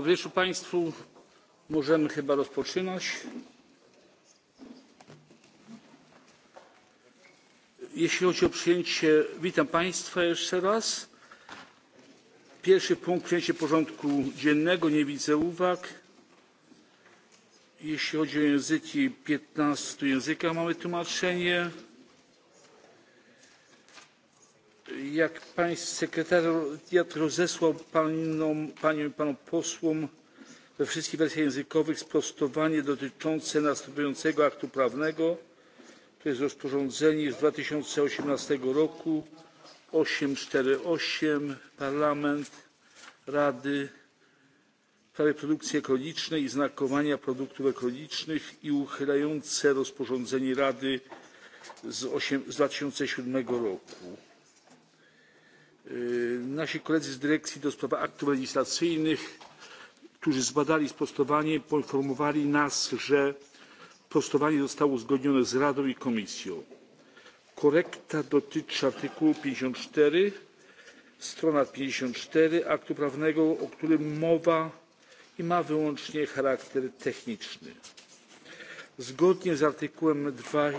Dobry Państwu, możemy chyba rozpoczynać. Jeśli chodzi o przyjęcie, witam Państwa jeszcze raz. Pierwszy punkt przyjęcie porządku dziennego. Nie widzę uwag. Jeśli chodzi o języki, w 15 językach mamy tłumaczenie. jak sekretariat rozesłał paniom i panom posłom we wszystkich wersjach językowych sprostowanie dotyczące następującego aktu prawnego to jest rozporządzenie z dwa tysiące osiemnaście roku osiemset czterdzieści osiem parlament rady w sprawie produkcji ekologicznej i znakowania produktów ekologicznych i uchylające rozporządzenie rady z dwa tysiące siedem roku Nasi koledzy z Dyrekcji do Spraw Aktów Legislacyjnych, którzy zbadali sprostowanie, poinformowali nas, że sprostowanie zostało uzgodnione z Radą i Komisją. Korekta dotyczy artykułu 54, strona 54 aktu prawnego, o którym mowa i ma wyłącznie charakter techniczny. Zgodnie z artykułem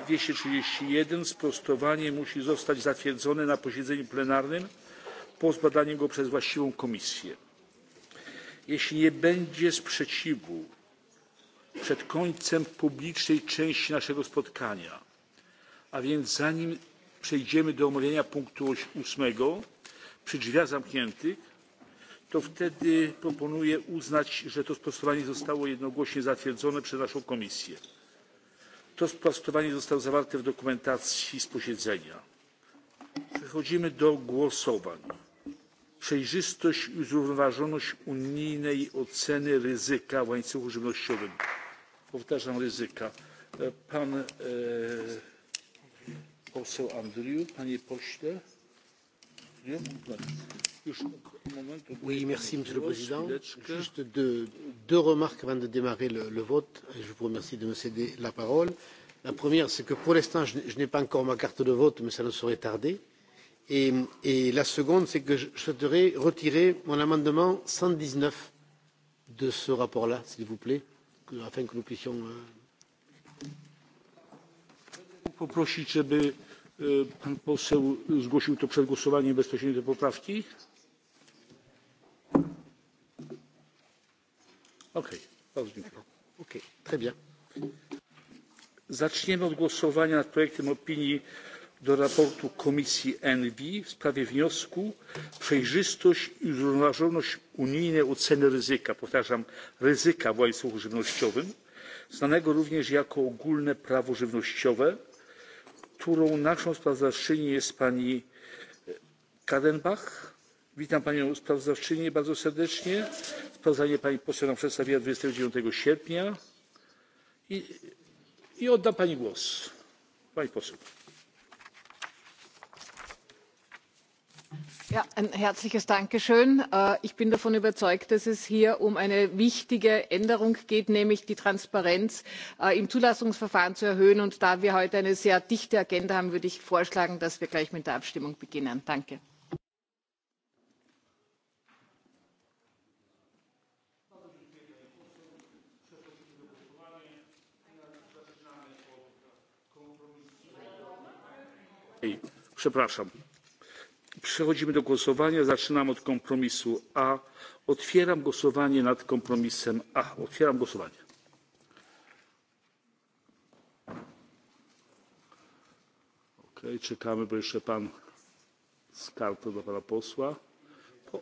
dwieście trzydzieści jeden sprostowanie musi zostać zatwierdzone na posiedzeniu plenarnym po zbadaniu go przez właściwą komisję. jeśli nie będzie sprzeciwu przed końcem publicznej części naszego spotkania a więc zanim przejdziemy do omawiania punktu ósmego przy drzwiach zamkniętych to wtedy proponuję uznać że to sprawozdanie zostało jednogłośnie zatwierdzone przez naszą komisję. to sprawozdanie zostało zawarte w dokumentacji z posiedzenia. przechodzimy do głosowań przejrzystość i zrównoważoność unijnej oceny ryzyka w łańcuchu żywnościowym powtarzam ryzyka. pan poseł andrieu panie pośle. monsieur le président juste deux remarques avant de démarrer le vote et je vous remercie de me céder la parole. la première c'est que pour l'instant je n'ai pas encore ma carte de vote mais cela ne saurait tarder Et, la seconde, c'est que je souhaiterais retirer mon amendement cent dix neuf de ce rapport-là, s'il vous plaît, afin que nous puissions. Poprosić, żeby pan poseł zgłosił to przed głosowaniem bezpośrednio do poprawki. Okej, bardzo dziękuję. Zaczniemy od głosowania nad projektem opinii do sprawozdania komisji envi w sprawie wniosku przejrzystość i zrównoważoność unijnej oceny ryzyka powtarzam ryzyka w łańcuchu żywnościowym znanego również jako ogólne prawo żywnościowe którą naszą sprawozdawczynią jest pani kadenbach. witam panią sprawozdawczynię bardzo serdecznie. sprawozdanie pani poseł nam przedstawiła dwadzieścia dziewięć sierpnia i oddam pani głos pani poseł. ein herzliches Dankeschön. Ich bin davon überzeugt, dass es hier um eine wichtige Änderung geht, nämlich die Transparenz im Zulassungsverfahren zu erhöhen. Und da wir heute eine sehr dichte Agenda haben, würde ich vorschlagen, dass wir gleich mit der Abstimmung beginnen. Danke przechodzimy do głosowania Zaczynam od kompromisu a. otwieram głosowanie nad kompromisem a. otwieram głosowanie. czekamy bo jeszcze pan z kartą do pana posła.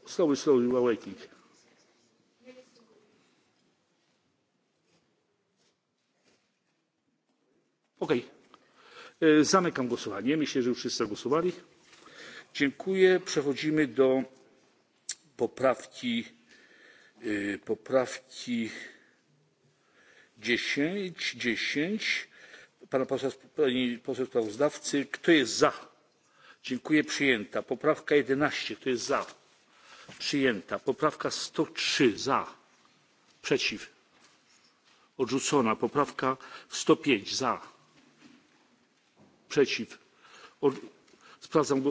Sorry, sorry, we're waiting. Zamykam głosowanie. Myślę, że już wszyscy głosowali dziękuję. przechodzimy do poprawki poprawki dziesięć dziesięć pana posła sprawozdawcy kto jest za? dziękuję przyjęta. poprawka jedenaście kto jest za? przyjęta. poprawka sto trzy za przeciw odrzucona. poprawka sto pięć za przeciw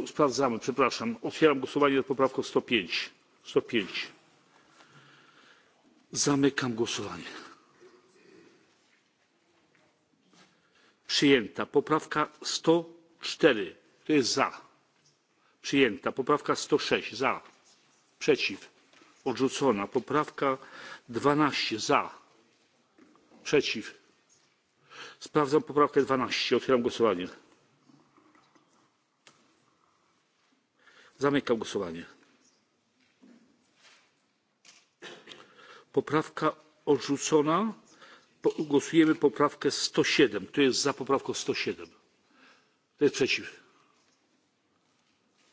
sprawdzamy, przepraszam. Otwieram głosowanie nad poprawką 105. 105. Zamykam głosowanie. Przyjęta. Poprawka 104. To jest za. Przyjęta. Poprawka 106. Za. Przeciw. Odrzucona. Poprawka 12. Za. Przeciw. Sprawdzam poprawkę 12. Otwieram głosowanie. Zamykam głosowanie. Poprawka odrzucona. Głosujemy poprawkę 107. Kto jest za poprawką 107? Kto jest przeciw?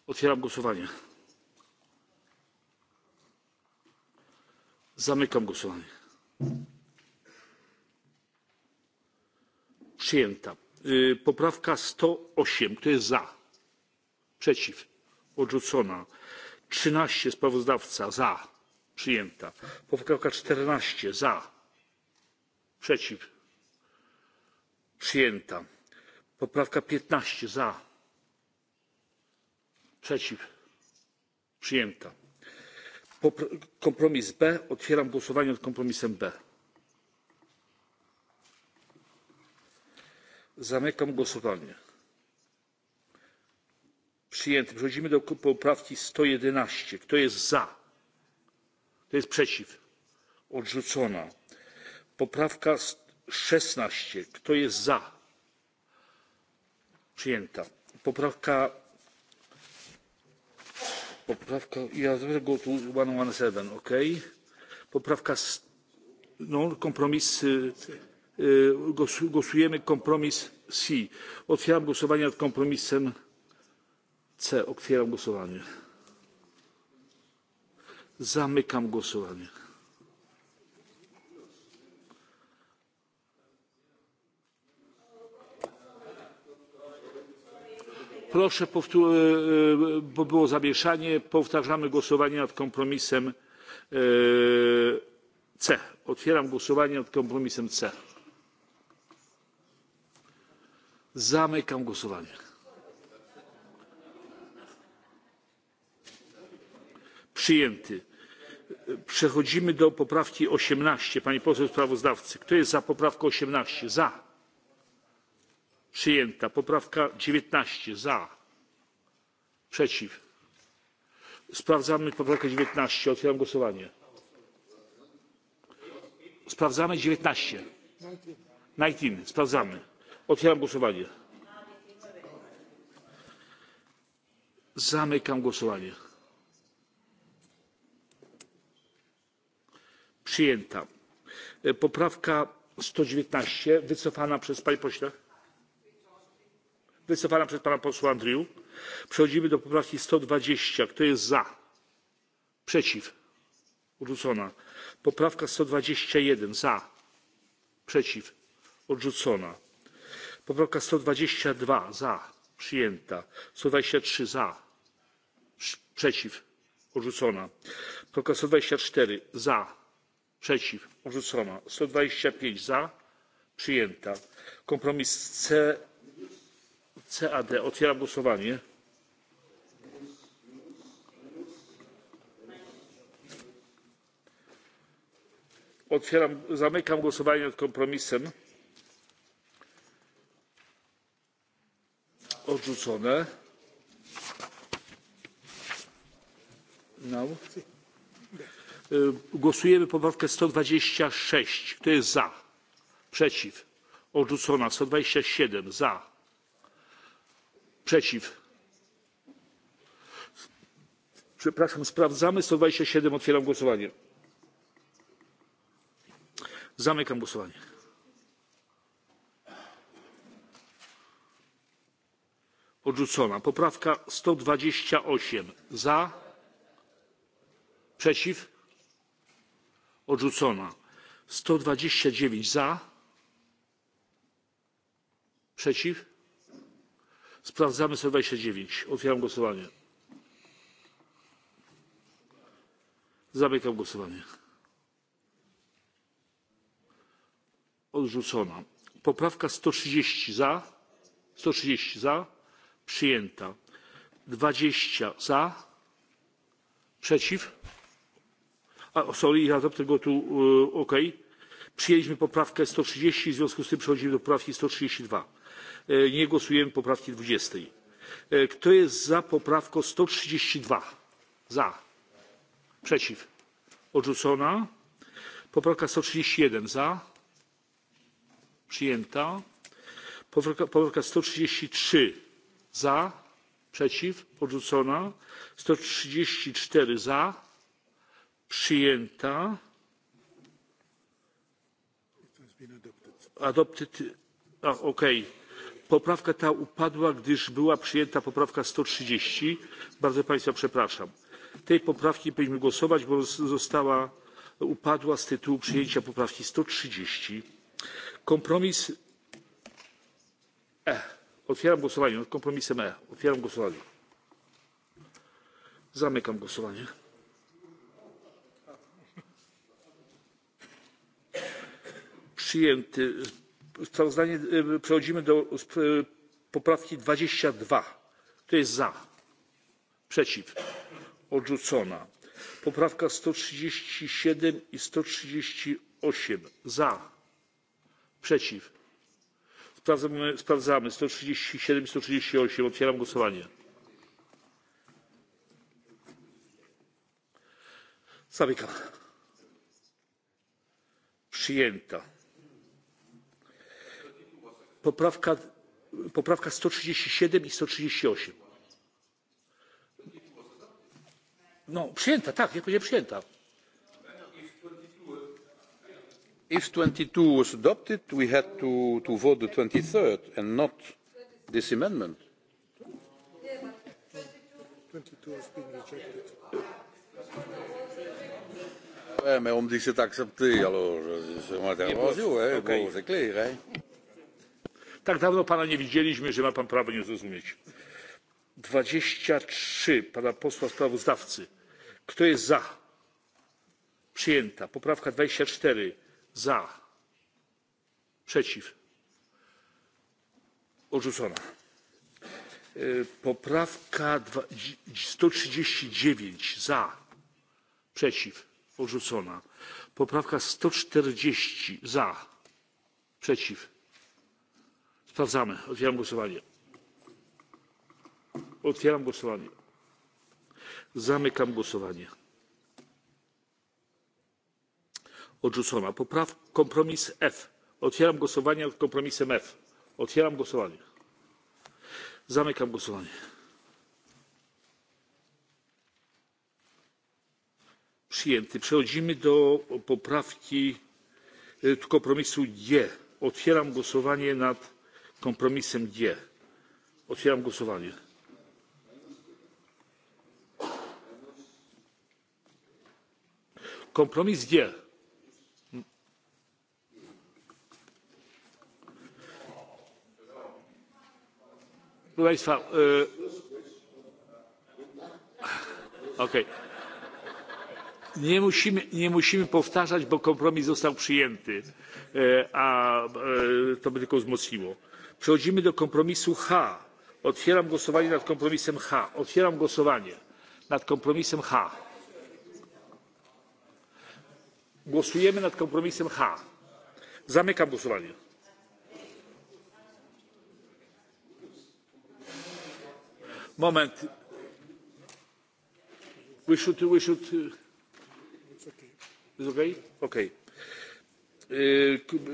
Otwieram głosowanie. Zamykam głosowanie. Przyjęta. Poprawka 108. Kto jest za? Przeciw? odrzucona. Trzynaście sprawozdawca za, przyjęta. Poprawka czternaście za, przeciw, przyjęta. Poprawka piętnaście za, przeciw, przyjęta. Kompromis B. Otwieram głosowanie nad kompromisem B. Zamykam głosowanie przyjęty. Przechodzimy do poprawki sto jedenaście. Kto jest za? Kto jest przeciw? Odrzucona. Poprawka szesnaście. Kto jest za? Przyjęta. Poprawka poprawka ja go tu 117, ok? Poprawka no, kompromis głosujemy kompromis C. Otwieram głosowanie nad kompromisem C. Otwieram głosowanie. Zamykam głosowanie. Proszę, bo było zamieszanie. Powtarzamy głosowanie nad kompromisem C. Otwieram głosowanie nad kompromisem C. Zamykam głosowanie. przyjęty. Przechodzimy do poprawki 18. Pani poseł sprawozdawcy. Kto jest za poprawką 18? Za. Przyjęta. Poprawka 19. Za. Przeciw. Sprawdzamy poprawkę 19. Otwieram głosowanie. Sprawdzamy 19. 19. Sprawdzamy. Otwieram głosowanie. Zamykam głosowanie. przyjęta. poprawka sto dziewiętnaście wycofana przez panie pośle wycofana przez pana posła andrieu. przechodzimy do poprawki sto dwadzieścia kto jest za? przeciw? odrzucona. poprawka sto dwadzieścia jeden za? przeciw? odrzucona. poprawka sto dwadzieścia dwa za? przyjęta. sto dwadzieścia trzy za? przeciw? odrzucona. poprawka sto dwadzieścia cztery za? przeciw odrzucona sto dwadzieścia pięć za przyjęta kompromis c cad otwieram głosowanie otwieram zamykam głosowanie nad kompromisem odrzucone Głosujemy poprawkę sześć. Kto jest za? Przeciw. Odrzucona. Sto dwadzieścia siedem Za. Przeciw. Przepraszam, sprawdzamy. Sto dwadzieścia siedem Otwieram głosowanie. Zamykam głosowanie. Odrzucona. Poprawka 128. Za. Przeciw odrzucona sto dwadzieścia dziewięć za przeciw sprawdzamy sto dwadzieścia dziewięć otwieram głosowanie zamykam głosowanie odrzucona poprawka sto trzydzieści za sto trzydzieści za przyjęta dwadzieścia za przeciw sorry, ja zapytam go tu, ok. Przyjęliśmy poprawkę 130, w związku z tym przechodzimy do poprawki 132. Nie głosujemy poprawki 20. Kto jest za poprawką 132? Za. Przeciw. Odrzucona. Poprawka 131 za. Przyjęta. Poprawka, poprawka 133 za. Przeciw. Odrzucona. 134 za przyjęta okej poprawka ta upadła gdyż była przyjęta poprawka sto trzydzieści bardzo państwa przepraszam tej poprawki nie powinniśmy głosować bo została upadła z tytułu przyjęcia poprawki sto trzydzieści kompromis e otwieram głosowanie nad kompromisem e otwieram głosowanie zamykam głosowanie przyjęty. Sprawozdanie, przechodzimy do poprawki dwadzieścia dwa. Kto jest za? Przeciw? Odrzucona. Poprawka sto trzydzieści siedem i sto trzydzieści osiem. Za. Przeciw. Sprawdzamy, sprawdzamy. 137 i 138. Otwieram głosowanie. Zamykam. Przyjęta poprawka, trzydzieści siedem i sto trzydzieści osiem No, przyjęta, tak, jak będzie przyjęta. If 22 was adopted, we had to, to vote the 23rd and not this amendment. 22 has been rejected. Ouais, mais on me dit que c'est accepté, alors c'est mon intervention, hein. Bon, c'est clair, hein. Tak dawno pana nie widzieliśmy, że ma pan prawo nie zrozumieć. Dwadzieścia trzy pana posła sprawozdawcy. Kto jest za? Przyjęta. Poprawka dwadzieścia cztery. Za. Przeciw. Odrzucona. Poprawka sto trzydzieści dziewięć Za. Przeciw. Odrzucona. Poprawka sto czterdzieści Za. Przeciw Sprawdzamy. Otwieram głosowanie. Otwieram głosowanie. Zamykam głosowanie. Odrzucona. Popraw kompromis F. Otwieram głosowanie nad kompromisem F. Otwieram głosowanie. Zamykam głosowanie. Przyjęty. Przechodzimy do poprawki kompromisu G. Otwieram głosowanie nad kompromisem g. otwieram głosowanie. kompromis g. proszę państwa nie musimy powtarzać bo kompromis został przyjęty a to by tylko wzmocniło przechodzimy do kompromisu h. otwieram głosowanie nad kompromisem h. otwieram głosowanie nad kompromisem h. głosujemy nad kompromisem h. zamykam głosowanie. moment we should we should it's okay okay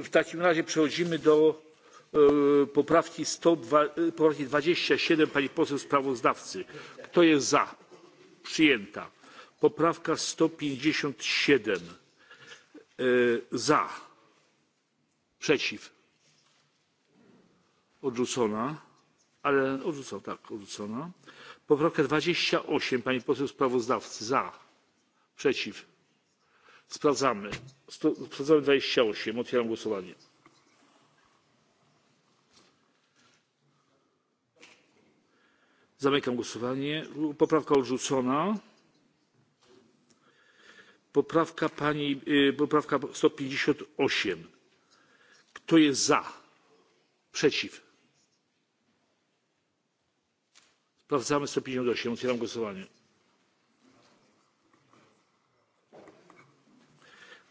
w takim razie przechodzimy do poprawki dwadzieścia siedem pani poseł sprawozdawcy. kto jest za? przyjęta. poprawka sto pięćdziesiąt siedem za przeciw odrzucona ale odrzucona tak odrzucona. poprawka dwadzieścia osiem pani poseł sprawozdawcy za przeciw sprawdzamy sprawdzamy dwadzieścia osiem otwieram głosowanie. Zamykam głosowanie. Poprawka odrzucona. Poprawka pani, poprawka 158. Kto jest za? Przeciw? Sprawdzamy 158. Otwieram głosowanie.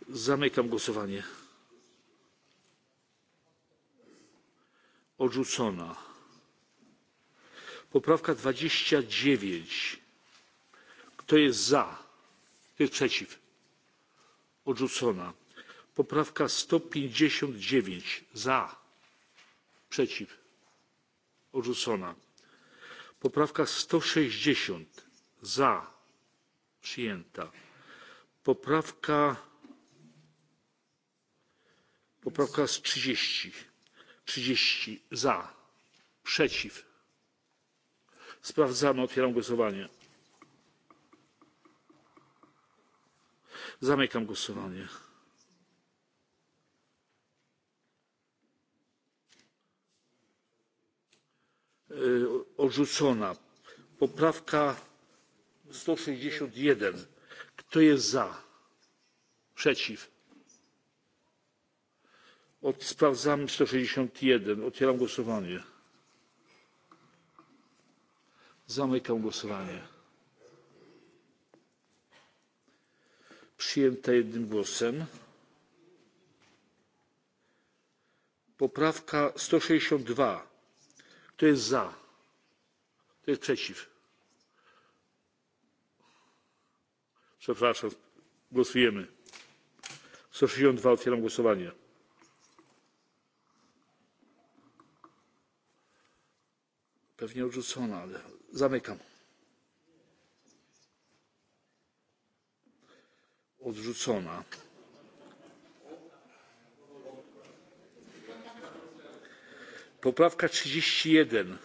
Zamykam głosowanie. Odrzucona poprawka dwadzieścia dziewięć kto jest za kto jest przeciw odrzucona poprawka sto pięćdziesiąt dziewięć za przeciw odrzucona poprawka sto sześćdziesiąt za przyjęta poprawka poprawka trzydzieści trzydzieści za przeciw sprawdzamy otwieram głosowanie zamykam głosowanie odrzucona poprawka sto sześćdziesiąt jeden kto jest za przeciw sprawdzamy sto sześćdziesiąt jeden otwieram głosowanie Zamykam głosowanie. Przyjęta jednym głosem. Poprawka 162. Kto jest za? Kto jest przeciw? Przepraszam, głosujemy. 162 otwieram głosowanie. Pewnie odrzucona, ale Zamykam. Odrzucona. Poprawka 31.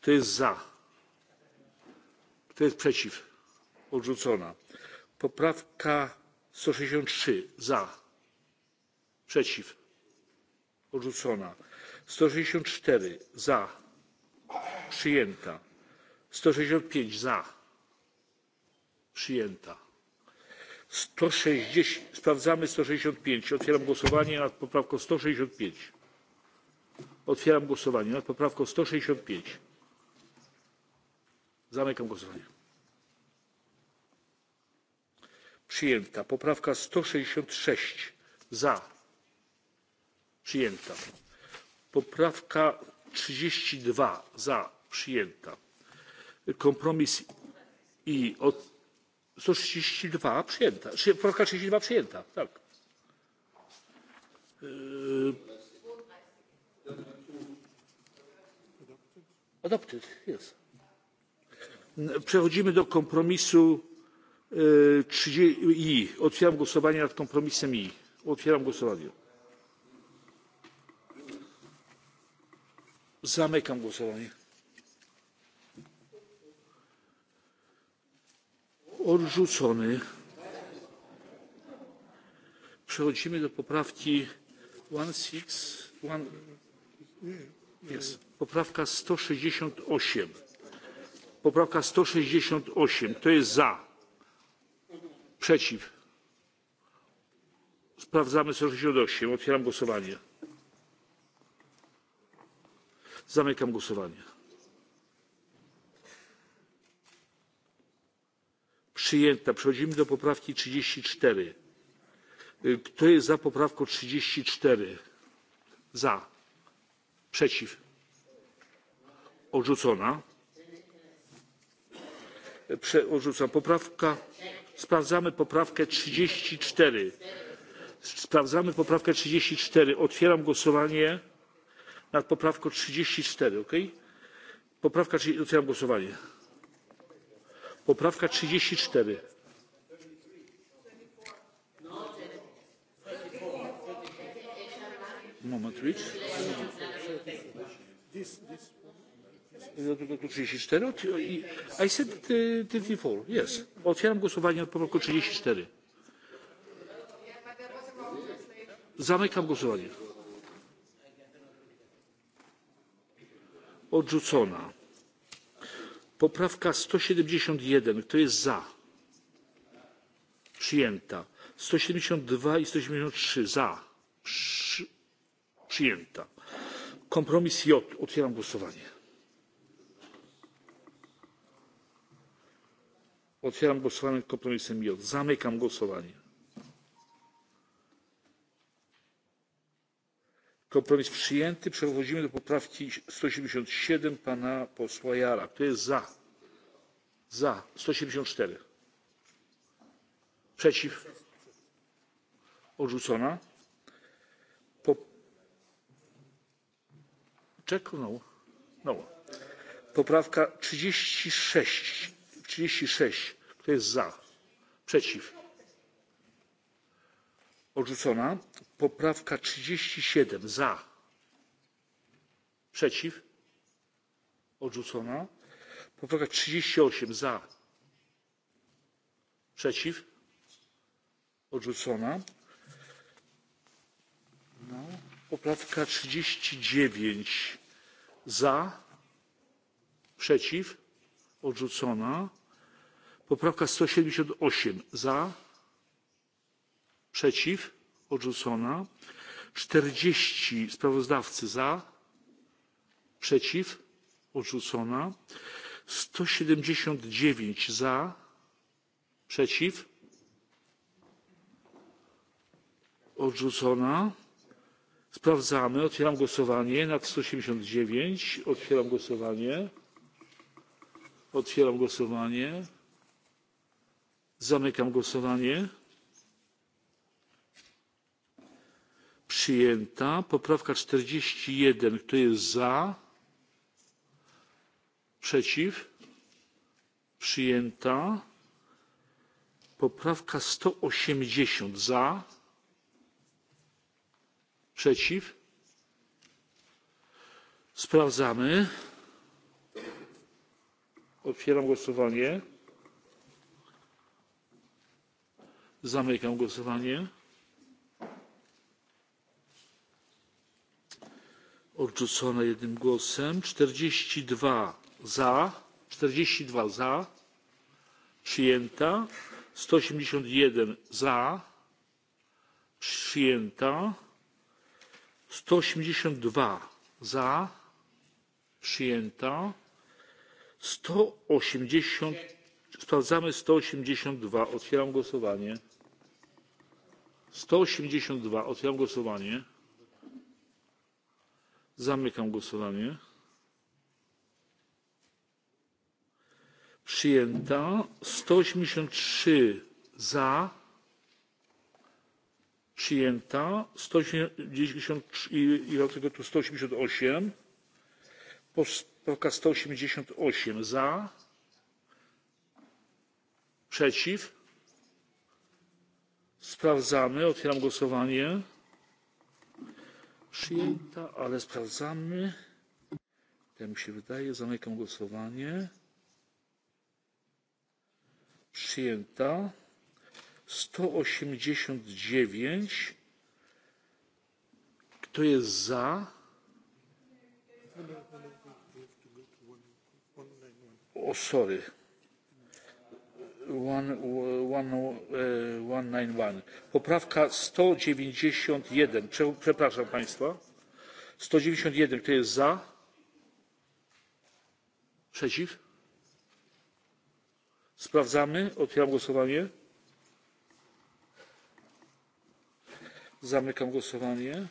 Kto jest za? Kto jest przeciw? Odrzucona. Poprawka 163. Za. Przeciw. Odrzucona. 164. Za. Przyjęta sto sześćdziesiąt pięć za przyjęta sprawdzamy sto sześćdziesiąt pięć otwieram głosowanie nad poprawką sto sześćdziesiąt pięć otwieram głosowanie nad poprawką sto sześćdziesiąt pięć zamykam głosowanie przyjęta poprawka sto sześćdziesiąt sześć za przyjęta poprawka trzydzieści dwa za przyjęta kompromis i od 132 przyjęta, poprawka 32 przyjęta, tak. Adopted, jest. Przechodzimy do kompromisu i. Otwieram głosowanie nad kompromisem i. Otwieram głosowanie. Zamykam głosowanie. odrzucony. Przechodzimy do poprawki 16. Jest. Poprawka 168. Poprawka 168. To Kto jest za? Przeciw? Sprawdzamy 168. Otwieram głosowanie. Zamykam głosowanie. Przyjęta. Przechodzimy do poprawki 34. Kto jest za poprawką 34? Za. Przeciw. Odrzucona. Prze, odrzucam. Poprawka. Sprawdzamy poprawkę 34. Sprawdzamy poprawkę 34. Otwieram głosowanie nad poprawką 34. OK? Poprawka, czyli otwieram głosowanie poprawka trzydzieści cztery moment which trzydzieści cztery i said thirty yes otwieram głosowanie nad poprawką trzydzieści cztery zamykam głosowanie odrzucona Poprawka 171. Kto jest za? Przyjęta. 172 i 173. Za. Przy... Przyjęta. Kompromis J. Otwieram głosowanie. Otwieram głosowanie nad kompromisem J. Zamykam głosowanie. kompromis przyjęty. przechodzimy do poprawki sto siedemdziesiąt siedem pana posła jara. kto jest za? za sto siedemdziesiąt cztery przeciw odrzucona poprawka trzydzieści sześć kto jest za? przeciw odrzucona poprawka trzydzieści siedem za przeciw odrzucona poprawka trzydzieści osiem za przeciw odrzucona poprawka trzydzieści dziewięć za przeciw odrzucona poprawka sto siedemdziesiąt osiem za przeciw odrzucona czterdzieści sprawozdawcy za przeciw odrzucona sto siedemdziesiąt dziewięć za przeciw odrzucona sprawdzamy otwieram głosowanie nad sto siedemdziesiąt dziewięć otwieram głosowanie otwieram głosowanie zamykam głosowanie przyjęta. Poprawka czterdzieści jeden. Kto jest za? Przeciw? Przyjęta. Poprawka sto osiemdziesiąt Za? Przeciw? Sprawdzamy. Otwieram głosowanie. Zamykam głosowanie. odrzucone jednym głosem czterdzieści dwa za czterdzieści dwa za przyjęta sto osiemdziesiąt jeden za przyjęta sto osiemdziesiąt dwa za przyjęta sto osiemdziesiąt sprawdzamy sto osiemdziesiąt dwa otwieram głosowanie sto osiemdziesiąt dwa otwieram głosowanie Zamykam głosowanie. Przyjęta. 183 za. Przyjęta. 190 i dlatego tu 188. Poprawka 188 za. Przeciw. Sprawdzamy. Otwieram głosowanie przyjęta, ale sprawdzamy. Tak mi się wydaje, zamykam głosowanie. Przyjęta. 189. Kto jest za? O, sorry poprawka sto dziewięćdzisiąt jeden przepraszam państwa sto dziewięćdzisiąt jeden kto jest za? przeciw? sprawdzamy otwieram głosowanie zamykam głosowanie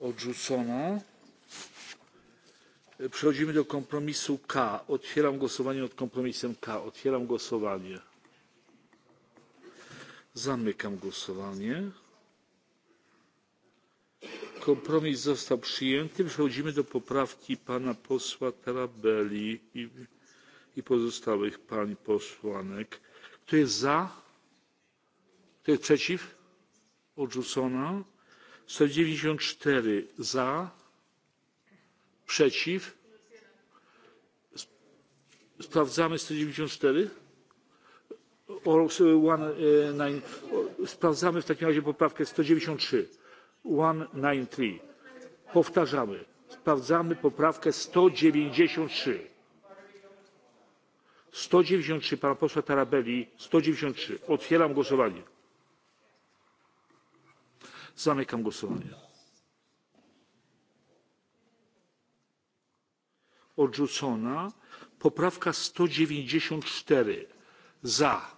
odrzucona Przechodzimy do kompromisu K. Otwieram głosowanie nad kompromisem K. Otwieram głosowanie. Zamykam głosowanie. Kompromis został przyjęty. Przechodzimy do poprawki pana posła Tarabelli i, i pozostałych pań posłanek. Kto jest za? Kto jest przeciw? Odrzucona. 194 za Przeciw? Sprawdzamy 194. Sprawdzamy w takim razie poprawkę 193. 193. Powtarzamy. Sprawdzamy poprawkę 193. 193 pana posła Tarabelli. 193. Otwieram głosowanie. Zamykam głosowanie. odrzucona. Poprawka 194 za.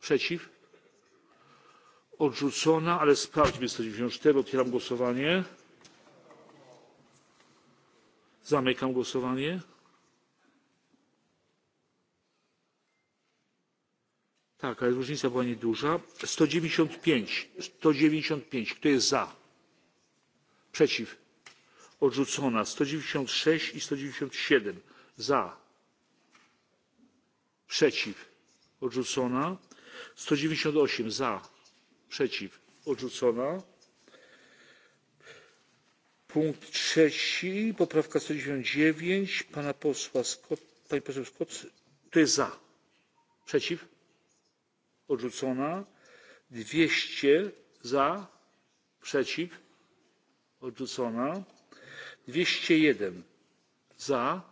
Przeciw? Odrzucona, ale sprawdźmy 194. Otwieram głosowanie. Zamykam głosowanie. Tak, ale różnica była nieduża. 195. 195. Kto jest za? Przeciw? odrzucona sto dziewięćdzisiąt sześć i sto dziewięćdzisiąt siedem za przeciw odrzucona sto dziewięćdzisiąt osiem za przeciw odrzucona punkt trzeci poprawka sto dziewięćdzisiąt dziewięć pana posła pani poseł scott to jest za przeciw odrzucona dwieście za przeciw odrzucona dwieście jeden za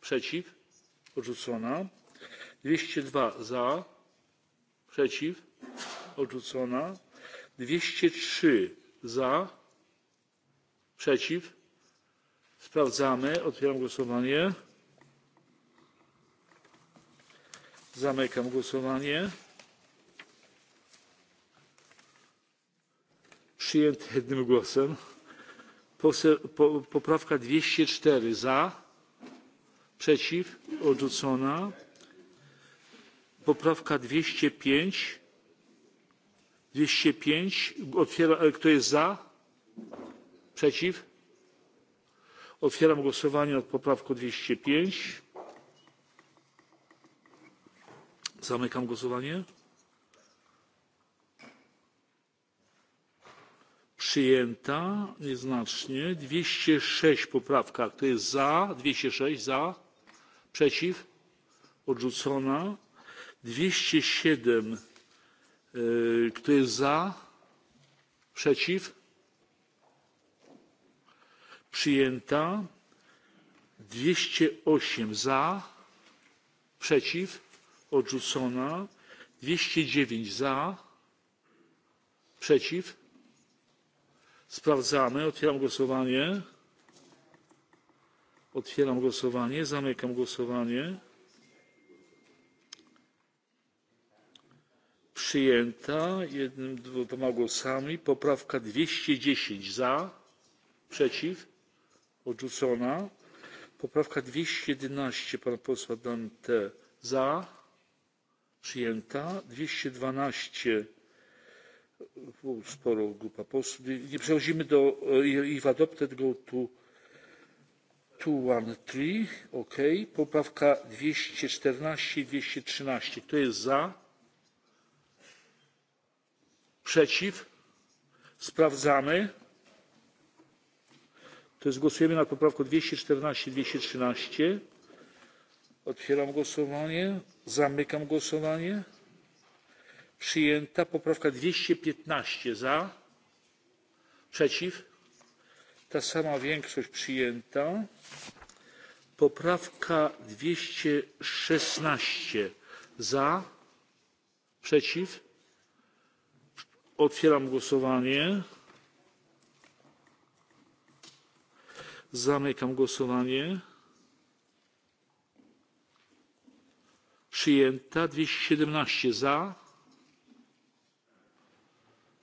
przeciw odrzucona dwieście dwa za przeciw odrzucona dwieście trzy za przeciw sprawdzamy otwieram głosowanie zamykam głosowanie przyjęty jednym głosem poprawka dwieście cztery za przeciw odrzucona poprawka dwieście pięć dwieście pięć kto jest za przeciw otwieram głosowanie nad poprawką dwieście pięć zamykam głosowanie przyjęta nieznacznie. dwieście sześć poprawka kto jest za? dwieście sześć za przeciw odrzucona dwieście siedem kto jest za przeciw przyjęta dwieście osiem za przeciw odrzucona dwieście dziewięć za przeciw Sprawdzamy. Otwieram głosowanie. Otwieram głosowanie. Zamykam głosowanie. Przyjęta jednym, dwoma głosami. Poprawka 210 za, przeciw, odrzucona. Poprawka 211 pana posła Dante za, przyjęta. 212 sporo grupa posłów. Nie przechodzimy do if adopted go to one three ok poprawka dwieście czternaście i dwieście trzynaście kto jest za przeciw sprawdzamy to jest głosujemy nad poprawką dwieście czternaście dwieście trzynaście otwieram głosowanie zamykam głosowanie Przyjęta poprawka 215 za. Przeciw. Ta sama większość przyjęta. Poprawka 216 za. Przeciw. Otwieram głosowanie. Zamykam głosowanie. Przyjęta. 217 za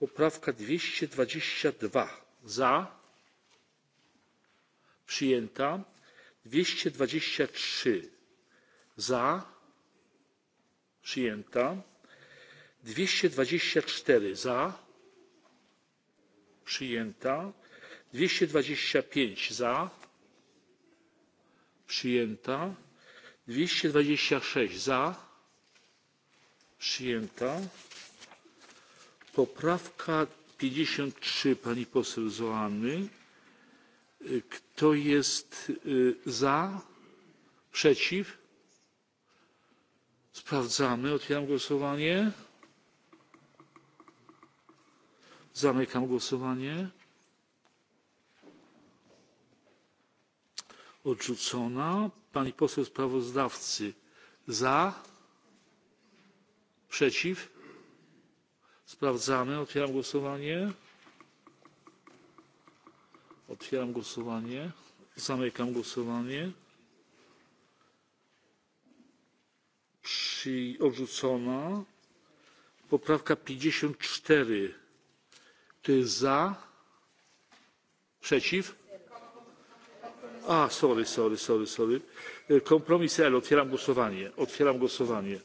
poprawka dwieście dwadzieścia dwa za przyjęta dwieście dwadzieścia trzy za przyjęta dwieście dwadzieścia cztery za przyjęta dwieście dwadzieścia pięć za przyjęta dwieście dwadzieścia sześć za przyjęta Poprawka 53 pani poseł Zoany. Kto jest za? Przeciw? Sprawdzamy. Otwieram głosowanie. Zamykam głosowanie. Odrzucona. Pani poseł sprawozdawcy za. Przeciw? Sprawdzamy. Otwieram głosowanie. Otwieram głosowanie. Zamykam głosowanie. Przy odrzucona. Poprawka 54. Kto jest za? Przeciw? A, sorry, sorry, sorry, sorry. Kompromis L. Otwieram głosowanie. Otwieram głosowanie.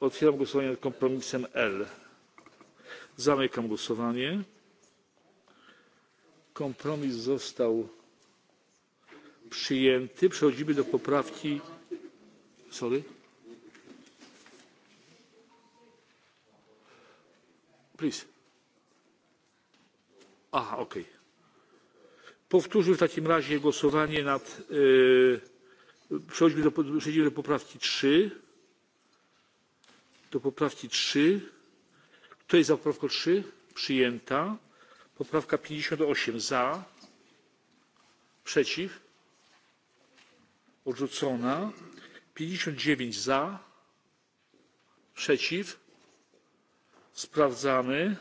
Otwieram głosowanie nad kompromisem L. Zamykam głosowanie. Kompromis został przyjęty. Przechodzimy do poprawki. Sorry. Please. Aha, okej. Powtórzył w takim razie głosowanie nad. Yy, przechodzimy do, przechodzimy do poprawki 3. Do poprawki 3 Kto jest za poprawką trzy? Przyjęta. Poprawka pięćdziesiąt osiem za. Przeciw. Odrzucona. Pięćdziesiąt dziewięć za. Przeciw. Sprawdzamy.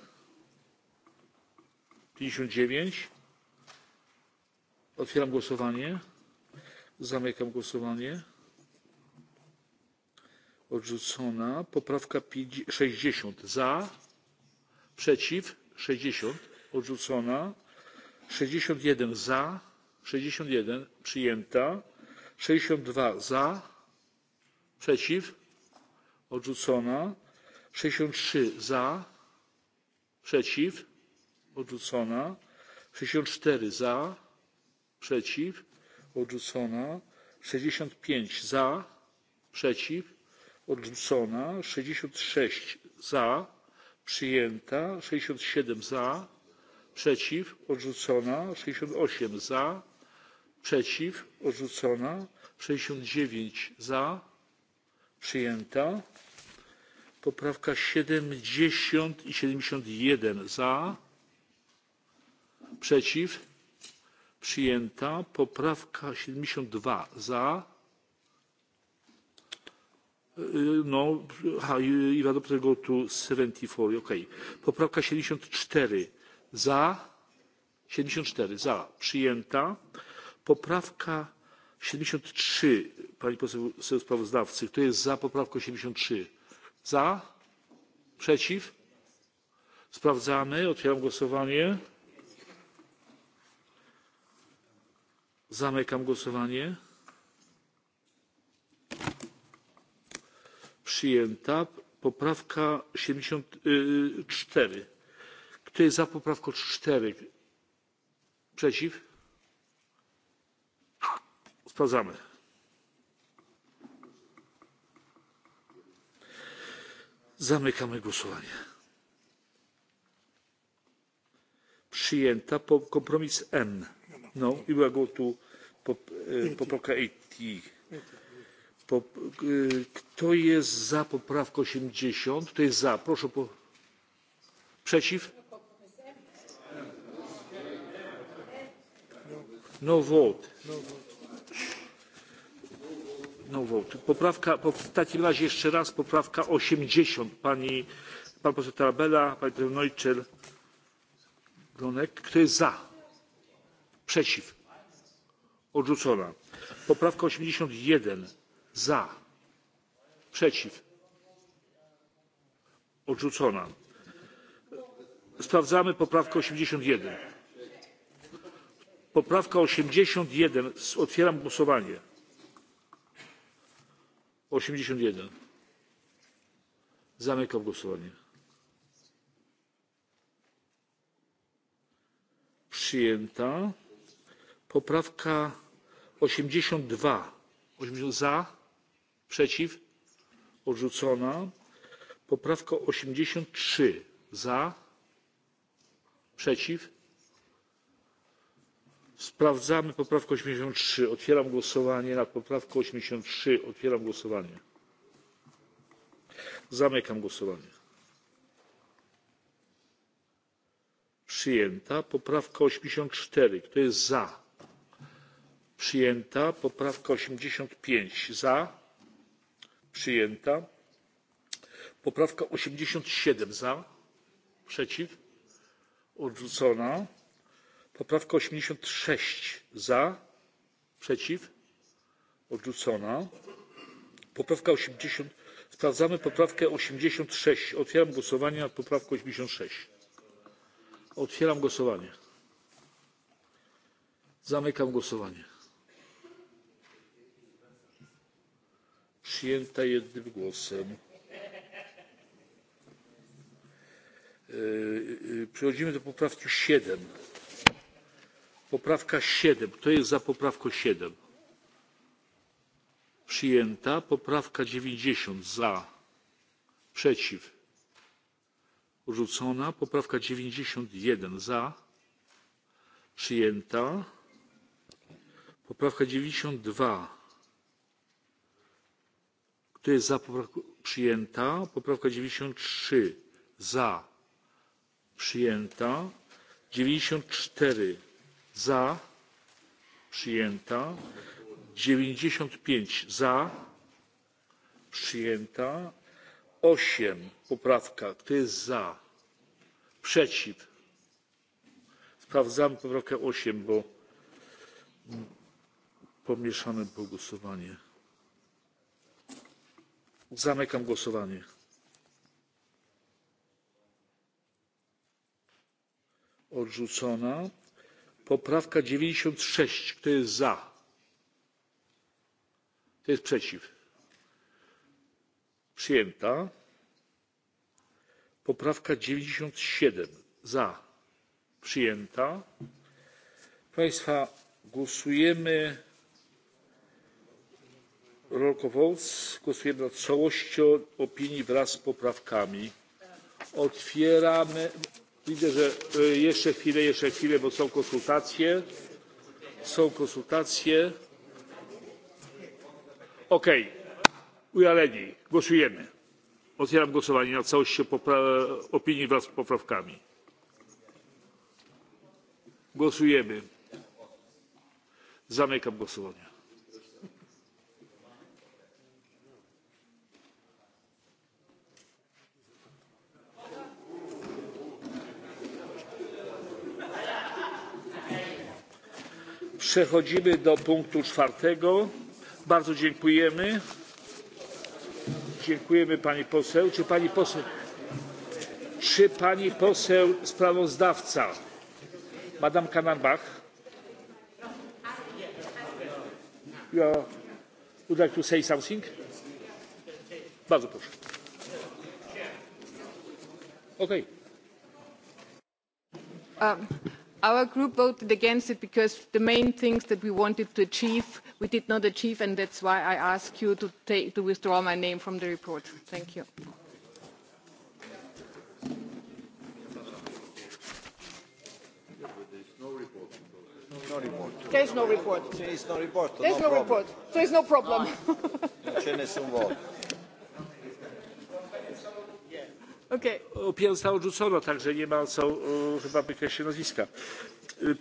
Pięćdziesiąt dziewięć. Otwieram głosowanie. Zamykam głosowanie. Odrzucona. Poprawka sześćdziesiąt za przeciw sześćdziesiąt odrzucona sześćdziesiąt jeden za sześćdziesiąt jeden przyjęta sześćdziesiąt dwa za przeciw odrzucona sześćdziesiąt trzy za przeciw odrzucona sześćdziesiąt cztery za przeciw odrzucona sześćdziesiąt pięć za przeciw odrzucona sześćdziesiąt sześć za przyjęta sześćdziesiąt siedem za przeciw odrzucona sześćdziesiąt osiem za przeciw odrzucona sześćdziesiąt dziewięć za przyjęta poprawka siedemdziesiąt i siedemdziesiąt jeden za przeciw przyjęta poprawka siedemdziesiąt dwa za no, i Rada Protocol to 74, ok. Poprawka 74 za, 74 za, przyjęta. Poprawka 73, pani poseł sprawozdawcy, kto jest za poprawką 73? Za? Przeciw? Sprawdzamy, otwieram głosowanie. Zamykam głosowanie. przyjęta poprawka siedemdziesiąt cztery kto jest za poprawką cztery przeciw sprawdzamy zamykamy głosowanie przyjęta kompromis n no i była tu poprawka eighty Kto jest za poprawką 80? Kto jest za? Proszę. Po... Przeciw? No vote. No vote. Poprawka, w takim razie jeszcze raz poprawka 80. Pani, pan poseł Tarabella, pani poseł Neuchel, Gronek. Kto jest za? Przeciw? Odrzucona. Poprawka 81 za przeciw odrzucona sprawdzamy poprawkę osiemdziesiąt jeden poprawka osiemdziesiąt jeden otwieram głosowanie 81. zamykam głosowanie przyjęta poprawka osiemdziesiąt dwa za przeciw odrzucona poprawka osiemdziesiąt trzy za przeciw sprawdzamy poprawkę osiemdziesiąt trzy otwieram głosowanie nad poprawką osiemdziesiąt trzy otwieram głosowanie zamykam głosowanie przyjęta poprawka osiemdziesiąt cztery kto jest za przyjęta poprawka osiemdziesiąt pięć za przyjęta. Poprawka osiemdziesiąt siedem za, przeciw, odrzucona. Poprawka osiemdziesiąt sześć za, przeciw, odrzucona. Poprawka 80. Sprawdzamy poprawkę osiemdziesiąt sześć. Otwieram głosowanie nad poprawką osiemdziesiąt sześć. Otwieram głosowanie. Zamykam głosowanie. Przyjęta jednym głosem. Przechodzimy do poprawki 7. Poprawka 7. Kto jest za poprawką 7? Przyjęta. Poprawka 90. Za. Przeciw. Odrzucona. Poprawka 91. Za. Przyjęta. Poprawka 92 Kto jest za? poprawką przyjęta. Poprawka trzy Za. Przyjęta. 94. Za. Przyjęta. 95. Za. Przyjęta. 8. Poprawka. Kto jest za? Przeciw. Sprawdzamy poprawkę 8, bo pomieszane było głosowanie. Zamykam głosowanie. Odrzucona. Poprawka 96. Kto jest za? Kto jest przeciw? Przyjęta. Poprawka 97. Za. Przyjęta. Państwa, głosujemy Rolko call Głosujemy nad całością opinii wraz z poprawkami. Otwieramy. Widzę, że jeszcze chwilę, jeszcze chwilę, bo są konsultacje. Są konsultacje. OK. We are ready. Głosujemy. Otwieram głosowanie nad całością opinii wraz z poprawkami. Głosujemy. Zamykam głosowanie. Przechodzimy do punktu czwartego. Bardzo dziękujemy. Dziękujemy pani poseł. Czy pani poseł, czy pani poseł sprawozdawca, Madam Kananbach? would like to say something? Bardzo proszę our group voted against it because the main things that we wanted to achieve we did not achieve and that's why i ask you to take to withdraw my name from the report thank you There's no report. There is no report. There no report. There no problem. Opinia została odrzucona, także nie ma co chyba wykreślenia nazwiska.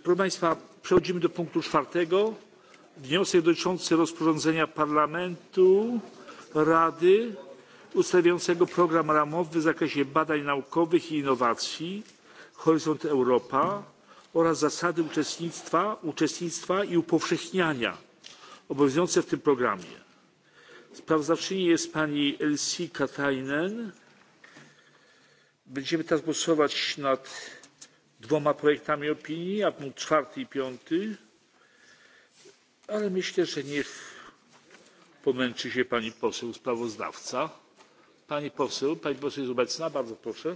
Proszę Państwa, przechodzimy do punktu czwartego. Wniosek dotyczący rozporządzenia Parlamentu, Rady ustanawiającego program ramowy w zakresie badań naukowych i innowacji Horyzont Europa oraz zasady uczestnictwa, i upowszechniania obowiązujące w tym programie. Sprawozdawczyni jest pani Elsie Katainen Będziemy teraz głosować nad dwoma projektami opinii, a punkt czwarty i piąty, ale myślę, że niech pomęczy się pani poseł sprawozdawca. Pani poseł, pani poseł jest obecna, bardzo proszę.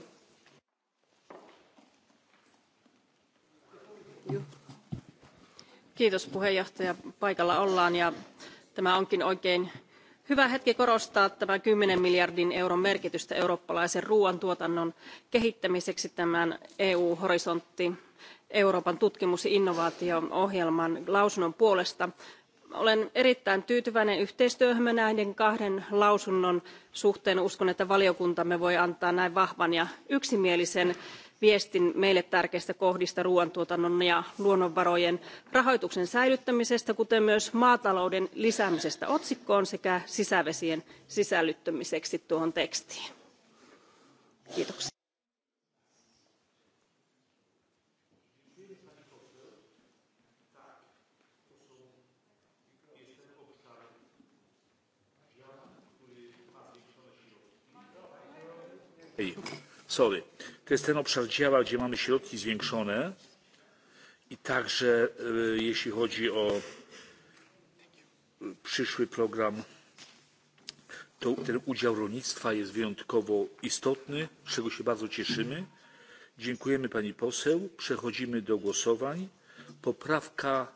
Kiitos puheenjohtaja. Paikalla ollaan ja tämä onkin oikein hyvä hetki korostaa tämän kymmenen miljardin euron merkitystä eurooppalaisen ruoantuotannon kehittämiseksi tämän eu horisontti euroopan tutkimus ja innovaatio ohjelman lausunnon puolesta. olen erittäin tyytyväinen yhteistyöhömme näiden kahden lausunnon suhteen. uskon että valiokuntamme voi antaa näin vahvan ja yksimielisen viestin meille tärkeistä kohdista ruoantuotannon ja luonnonvarojen rahoituksen säilyttämisestä, kuten myös maatalouden lisäämisestä otsikkoon sekä sisävesien sisällyttämiseksi tuohon tekstiin. Kiitoksia. Sorry to jest ten obszar działa, gdzie mamy środki zwiększone i także jeśli chodzi o przyszły program, to ten udział rolnictwa jest wyjątkowo istotny, z czego się bardzo cieszymy. Dziękujemy pani poseł. Przechodzimy do głosowań. Poprawka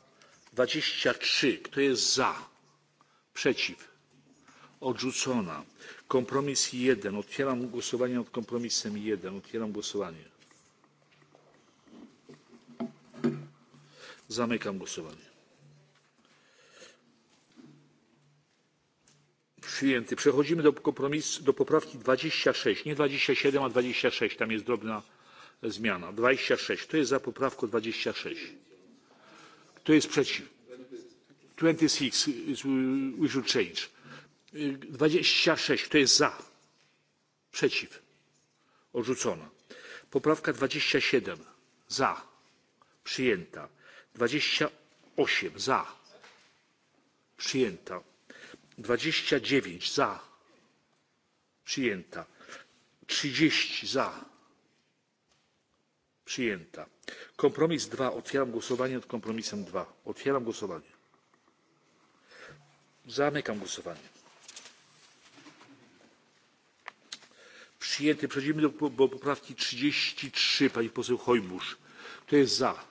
dwadzieścia trzy. Kto jest za? Przeciw? Odrzucona. Kompromis jeden. Otwieram głosowanie nad kompromisem jeden. Otwieram głosowanie. Zamykam głosowanie. Przyjęty. Przechodzimy do kompromisu, do poprawki 26. Nie 27, a 26. Tam jest drobna zmiana. 26. Kto jest za poprawką 26? Kto jest przeciw? 26. We should change dwadzieścia sześć kto jest za? przeciw odrzucona poprawka dwadzieścia siedem za przyjęta dwadzieścia osiem za przyjęta dwadzieścia dziewięć za przyjęta trzydzieści za przyjęta kompromis dwa otwieram głosowanie nad kompromisem dwa otwieram głosowanie zamykam głosowanie przyjęty. Przechodzimy do poprawki trzydzieści trzy pani poseł Hojbusz. Kto jest za?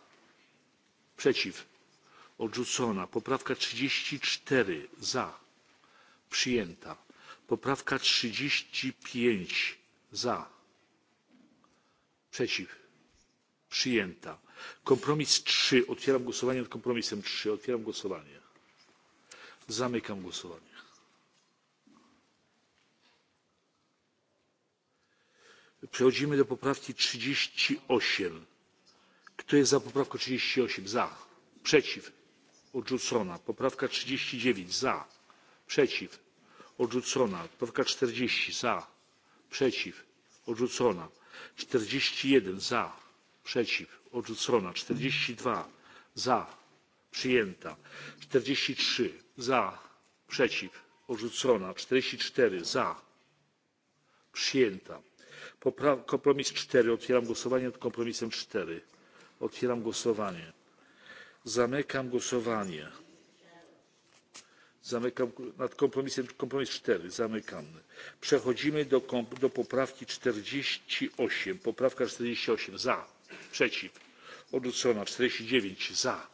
Przeciw? Odrzucona. Poprawka trzydzieści cztery za. Przyjęta. Poprawka trzydzieści pięć za. Przeciw? Przyjęta. Kompromis trzy. Otwieram głosowanie nad kompromisem trzy. Otwieram głosowanie. Zamykam głosowanie. Przechodzimy do poprawki 38. Kto jest za poprawką 38? Za. Przeciw. Odrzucona. Poprawka 39. Za. Przeciw. Odrzucona. Poprawka 40. Za. Przeciw. Odrzucona. 41. Za. Przeciw. Odrzucona. 42. Za. Przyjęta. 43. Za. Przeciw. Odrzucona. 44. Za. Przyjęta kompromis cztery otwieram głosowanie nad kompromisem cztery otwieram głosowanie zamykam głosowanie zamykam nad kompromisem kompromis cztery zamykam przechodzimy do, do poprawki czterdzieści osiem poprawka czterdzieści osiem za przeciw odrzucona czterdzieści dziewięć za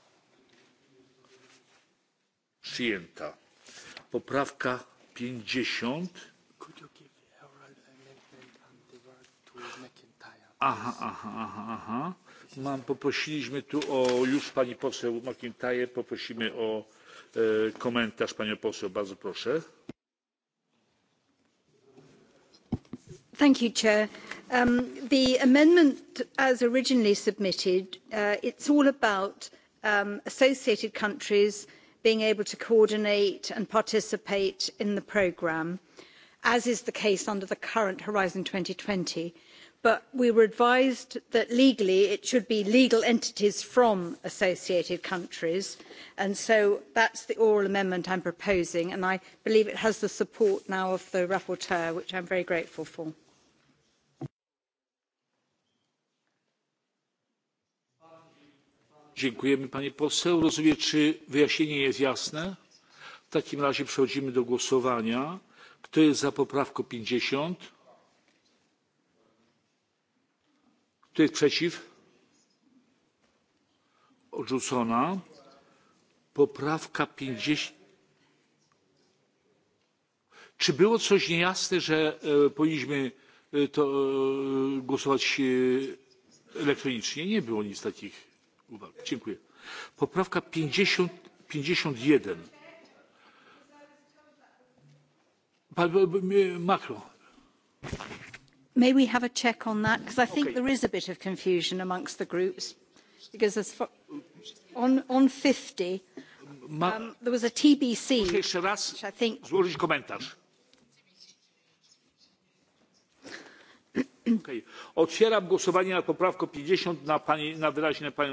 przyjęta poprawka pięćdziesiąt Aha, aha, aha, aha. Mam, poprosiliśmy tu o, już pani poseł McIntyre, poprosimy o e, komentarz panią poseł, bardzo proszę. Thank you, Chair. Um, the amendment as originally submitted, uh, it's all about um, associated countries being able to coordinate and participate in the programme, as is the case under the current Horizon 2020 but we were advised that legally it should be legal entities from associated countries and so that's the oral amendment i'm proposing and i believe it has the support now of the rapporteur which i'm very grateful for. dziękujemy pani poseł. rozumiem czy wyjaśnienie jest jasne? w takim razie przechodzimy do głosowania. kto jest za poprawką pięćdziesiąt? Kto jest przeciw? Odrzucona. Poprawka 50. Czy było coś niejasne, że powinniśmy to głosować elektronicznie? Nie było nic takich uwag. Dziękuję. Poprawka 50, 51. Makro. May we have a check on that? Because I think there is a bit of confusion amongst the groups. Because as far, on, on 50, um, there was a TBC, which I think... Okay. Otwieram głosowanie nad poprawką 50 na, pani, na wyraźne pani,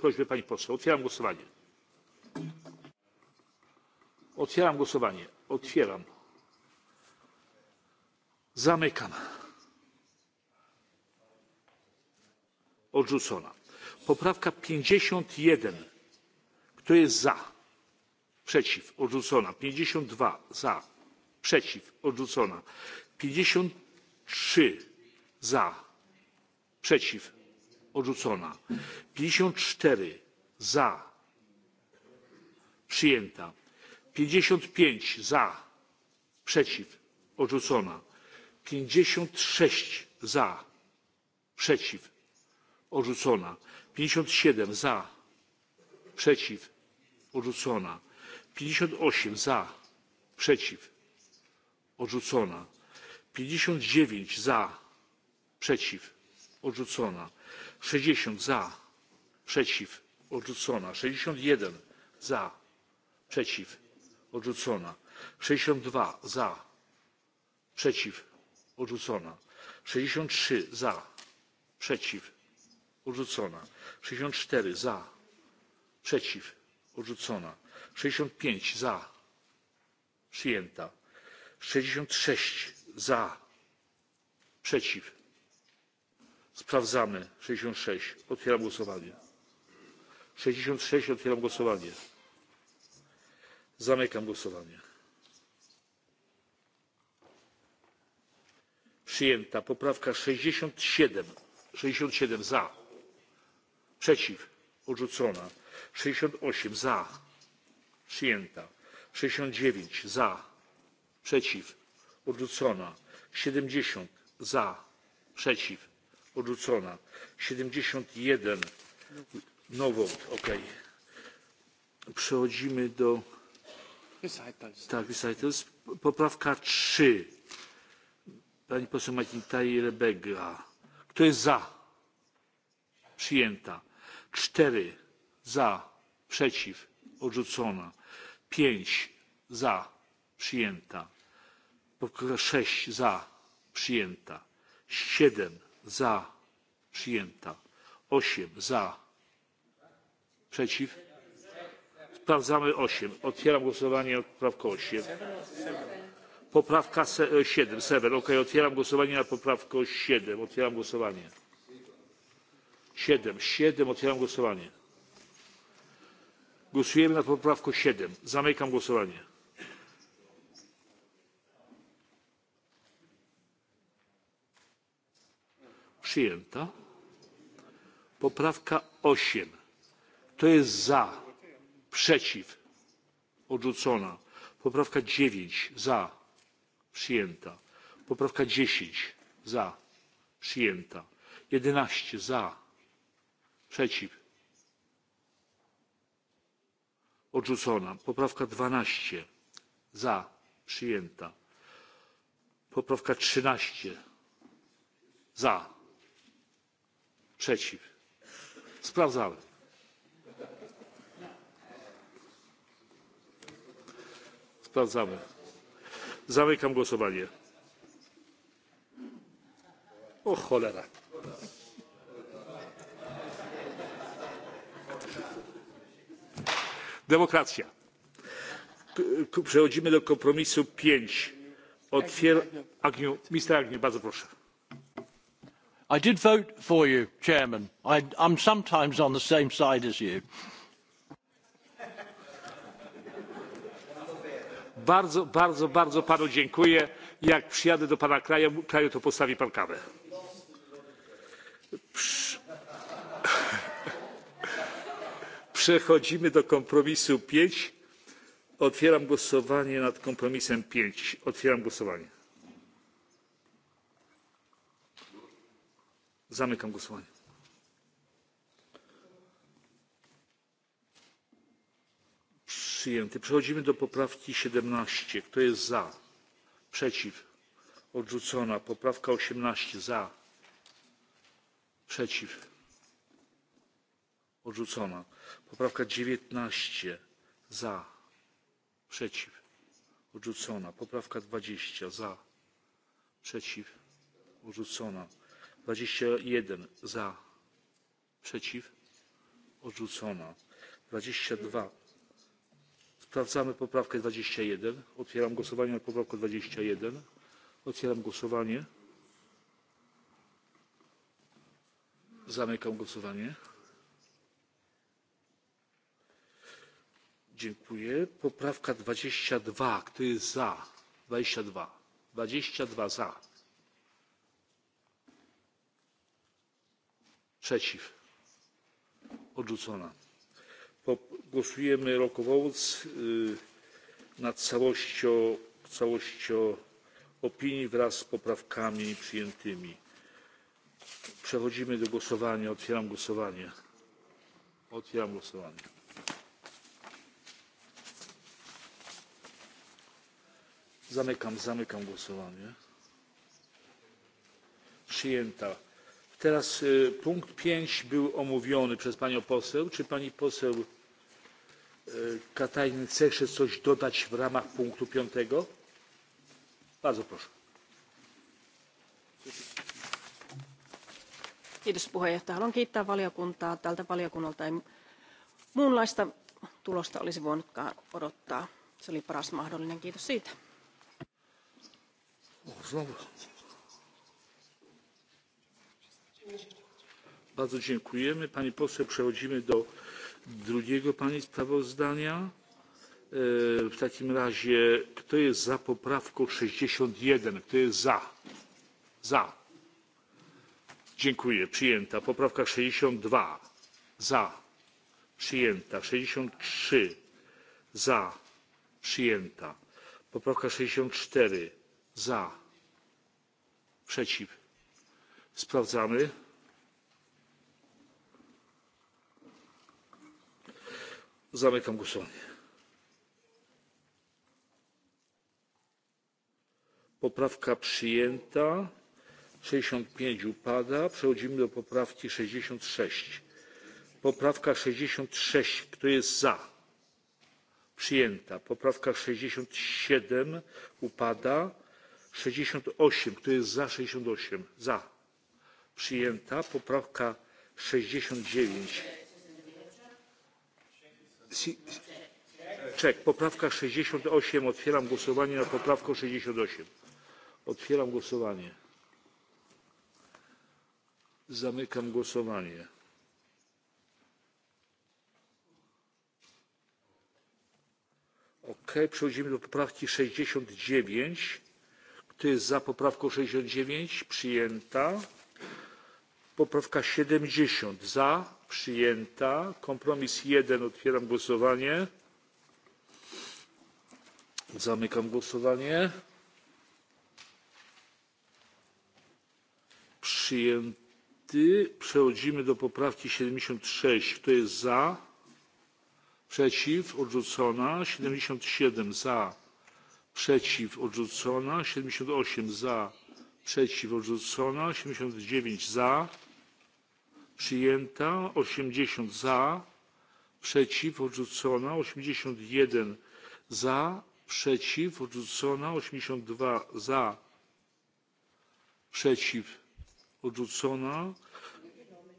prośby pani poseł. Otwieram głosowanie. Otwieram głosowanie. Otwieram. Zamykam. odrzucona. poprawka pięćdziesiąt jeden kto jest za? przeciw odrzucona pięćdziesiąt dwa za przeciw odrzucona pięćdziesiąt trzy za przeciw odrzucona pięćdziesiąt cztery za przyjęta pięćdziesiąt pięć za przeciw odrzucona pięćdziesiąt sześć za przeciw Odrzucona. 57 za. Przeciw. Odrzucona. 58 za. Przeciw. Odrzucona. 59 za. Przeciw. Odrzucona. 60 za. Przeciw. Odrzucona. 61 za. Przeciw. Odrzucona. 62 za. Przeciw. Odrzucona. 63 za. Przeciw odrzucona. sześćdziesiąt cztery za przeciw odrzucona. sześćdziesiąt pięć za przyjęta. sześćdziesiąt sześć za przeciw sprawdzamy sześćdziesiąt sześć otwieram głosowanie. sześćdziesiąt sześć otwieram głosowanie. zamykam głosowanie. przyjęta poprawka sześćdziesiąt siedem sześćdziesiąt siedem za przeciw odrzucona sześćdziesiąt osiem za przyjęta sześćdziesiąt dziewięć za przeciw odrzucona siedemdziesiąt za przeciw odrzucona siedemdziesiąt jeden no vote przechodzimy do tak recitals poprawka trzy pani poseł mcintyre Rebega. kto jest za przyjęta cztery za, przeciw, odrzucona. pięć za, przyjęta. Poprawka sześć za, przyjęta. siedem za, przyjęta. osiem za, przeciw. Sprawdzamy osiem. Otwieram głosowanie nad poprawką osiem. Poprawka siedem. Seven. Ok, otwieram głosowanie nad poprawką siedem. Otwieram głosowanie. 7. 7. Otwieram głosowanie. Głosujemy nad poprawką 7. Zamykam głosowanie. Przyjęta. Poprawka 8. Kto jest za? Przeciw? Odrzucona. Poprawka 9. Za. Przyjęta. Poprawka 10. Za. Przyjęta. 11. Za przeciw? odrzucona poprawka dwanaście za przyjęta poprawka trzynaście za przeciw sprawdzamy sprawdzamy zamykam głosowanie o cholera Demokracja. Przechodzimy do kompromisu pięć. Otwieram. Agniu, Mr. Agniu, bardzo proszę. I did vote for you, Chairman. I, I'm sometimes on the same side as you. Bardzo, bardzo, bardzo panu dziękuję. Jak przyjadę do pana kraju, to postawi pan kawę. Przechodzimy do kompromisu pięć. Otwieram głosowanie nad kompromisem pięć. Otwieram głosowanie. Zamykam głosowanie. Przyjęty. Przechodzimy do poprawki 17. Kto jest za? Przeciw. Odrzucona. Poprawka 18. Za. Przeciw Odrzucona. Poprawka 19. Za. Przeciw. Odrzucona. Poprawka 20. Za. Przeciw. Odrzucona. 21. Za. Przeciw. Odrzucona. 22. Sprawdzamy poprawkę 21. Otwieram głosowanie poprawkę dwadzieścia 21. Otwieram głosowanie. Zamykam głosowanie. Dziękuję. Poprawka dwadzieścia dwa. Kto jest za? 22, dwa. Dwadzieścia dwa za. Przeciw. Odrzucona. Głosujemy rokowo nad całością, całością opinii wraz z poprawkami przyjętymi. Przechodzimy do głosowania. Otwieram głosowanie. Otwieram głosowanie. Zamykam, zamykam głosowanie. Przyjęta. Teraz punkt 5 był omówiony przez panią poseł. Czy pani poseł Katajny chce coś dodać w ramach punktu 5? Bardzo proszę. Kiitos puheenjohtaja. Haluan kiittää valiokuntaa tältä valiokunnalta. Ei muunlaista tulosta olisi voinutkaan odottaa. Se oli paras mahdollinen. Kiitos siitä. Bardzo dziękujemy. Pani poseł, przechodzimy do drugiego pani sprawozdania. W takim razie, kto jest za poprawką 61? Kto jest za? Za. Dziękuję. Przyjęta. Poprawka 62. Za. Przyjęta. 63. Za. Przyjęta. Poprawka 64. Za przeciw sprawdzamy zamykam głosowanie poprawka przyjęta sześćdziesiąt pięć upada przechodzimy do poprawki sześćdziesiąt sześć poprawka sześćdziesiąt sześć kto jest za przyjęta poprawka sześćdziesiąt siedem upada 68. Kto jest za? 68. Za. Przyjęta. Poprawka 69. dziewięć. Czek. Poprawka 68. Otwieram głosowanie nad poprawką 68. Otwieram głosowanie. Zamykam głosowanie. Ok, przechodzimy do poprawki 69. Kto jest za poprawką sześćdziesiąt dziewięć? Przyjęta. Poprawka siedemdziesiąt za, przyjęta. Kompromis 1, otwieram głosowanie. Zamykam głosowanie. Przyjęty. Przechodzimy do poprawki siedemdziesiąt sześć. Kto jest za? Przeciw? Odrzucona. siedemdziesiąt siedem za przeciw odrzucona siedemdziesiąt osiem za przeciw odrzucona siedemdziesiąt dziewięć za przyjęta osiemdziesiąt za przeciw odrzucona osiemdziesiąt jeden za przeciw odrzucona osiemdziesiąt dwa za przeciw odrzucona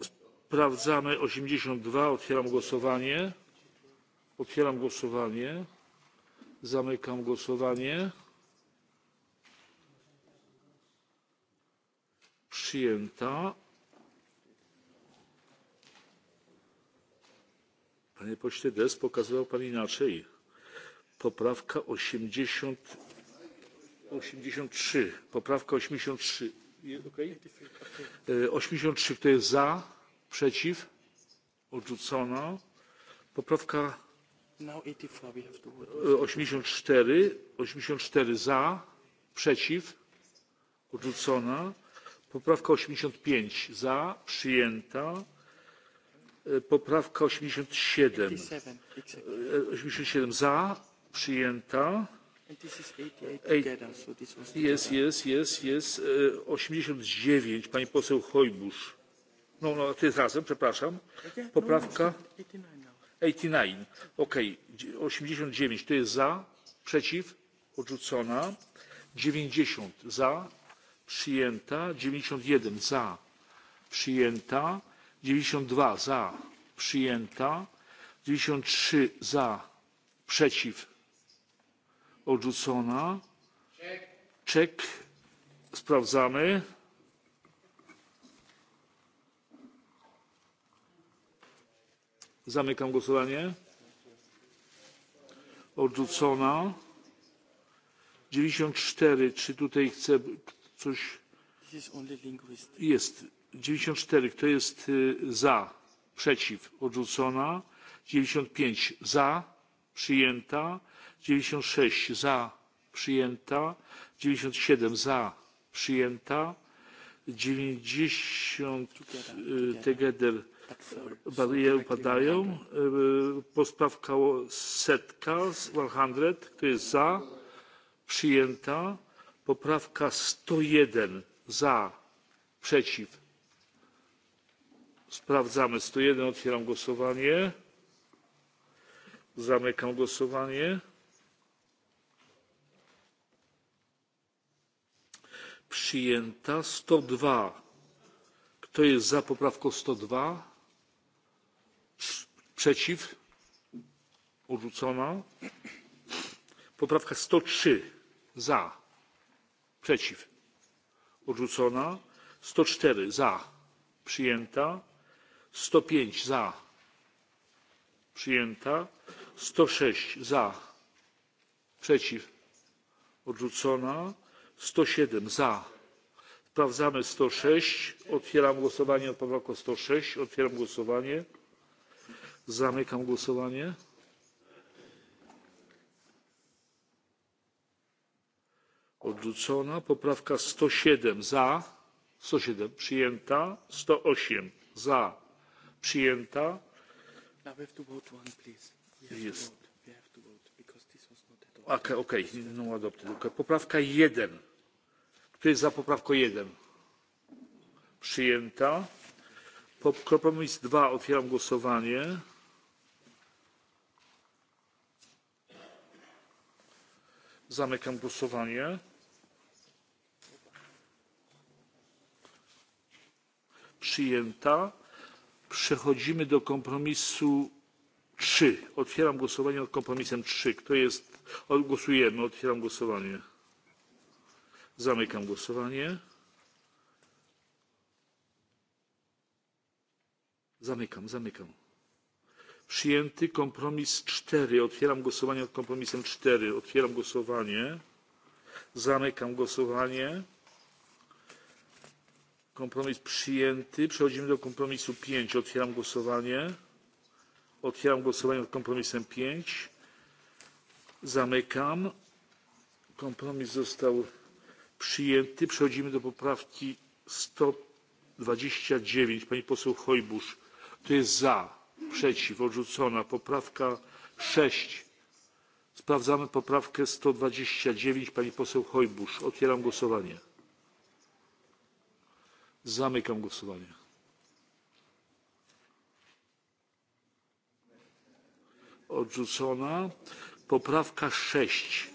sprawdzamy osiemdziesiąt dwa otwieram głosowanie otwieram głosowanie Zamykam głosowanie. Przyjęta. Panie pośle Des, pokazywał pan inaczej. Poprawka 80, 83. Poprawka 83. 83. Kto jest za? Przeciw? Odrzucona. Poprawka 84 84, 84 za, przeciw, odrzucona. Poprawka 85 za, przyjęta. Poprawka 87. 87 za, przyjęta. Jest, jest, jest, jest. 89, pani poseł Hojbusz. No, no, to jest razem, przepraszam. Poprawka. 89 osiemdziesiąt dziewięć to jest za przeciw odrzucona dziewięćdzisiąt za przyjęta dziewięćdzisiąt jeden za przyjęta dziewięćdzisiąt dwa za przyjęta dziewięćdzisiąt trzy za przeciw odrzucona czek sprawdzamy. zamykam głosowanie odrzucona dziewięćdzisiąt cztery czy tutaj chce coś jest dziewięćdzisiąt cztery kto jest za przeciw odrzucona dziewięćdzisiąt pięć za przyjęta dziewięćdzisiąt sześć za przyjęta dziewięćdzisiąt siedem za przyjęta dziewięćdzisiąt bariery upadają. Poprawka setka, 100, kto jest za? Przyjęta. Poprawka 101, za, przeciw. Sprawdzamy 101, otwieram głosowanie. Zamykam głosowanie. Przyjęta 102. Kto jest za poprawką 102? przeciw odrzucona poprawka sto trzy za przeciw odrzucona sto cztery za przyjęta sto pięć za przyjęta sto sześć za przeciw odrzucona sto siedem za sprawdzamy sto sześć otwieram głosowanie nad poprawką sto sześć otwieram głosowanie Zamykam głosowanie. Odrzucona. Poprawka 107 za. 107 przyjęta. 108 za. Przyjęta. Jest. Okej, No adopted. Poprawka 1. Kto jest za poprawką 1? Przyjęta. Kompromis 2. Otwieram głosowanie. Zamykam głosowanie. Przyjęta. Przechodzimy do kompromisu 3. Otwieram głosowanie nad kompromisem 3. Kto jest? Głosujemy. Otwieram głosowanie. Zamykam głosowanie. Zamykam, zamykam. Przyjęty kompromis cztery. Otwieram głosowanie nad kompromisem cztery. Otwieram głosowanie. Zamykam głosowanie. Kompromis przyjęty. Przechodzimy do kompromisu pięć. Otwieram głosowanie. Otwieram głosowanie nad kompromisem pięć. Zamykam. Kompromis został przyjęty. Przechodzimy do poprawki sto dwadzieścia dziewięć. Pani poseł Hojbusz. Kto jest za? przeciw odrzucona poprawka sześć sprawdzamy poprawkę sto dwadzieścia dziewięć pani poseł hojbusz otwieram głosowanie zamykam głosowanie odrzucona poprawka sześć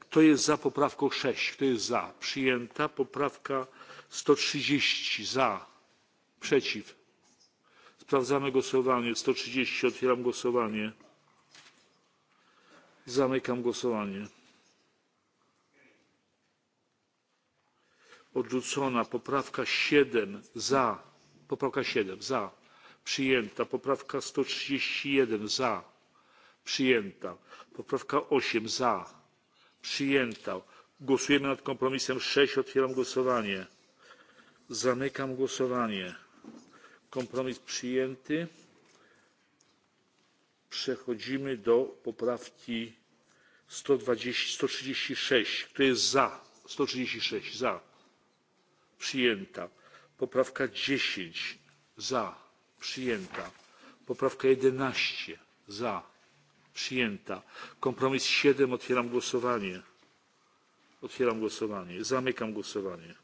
kto jest za poprawką sześć kto jest za przyjęta poprawka sto trzydzieści za przeciw Sprawdzamy głosowanie. 130. Otwieram głosowanie. Zamykam głosowanie. Odrzucona. Poprawka 7. Za. Poprawka 7. Za. Przyjęta. Poprawka 131. Za. Przyjęta. Poprawka 8. Za. Przyjęta. Głosujemy nad kompromisem 6. Otwieram głosowanie. Zamykam głosowanie kompromis przyjęty przechodzimy do poprawki sto trzydzieści sześć kto jest za sto trzydzieści sześć za przyjęta poprawka dziesięć za przyjęta poprawka jedenaście za przyjęta kompromis siedem otwieram głosowanie otwieram głosowanie zamykam głosowanie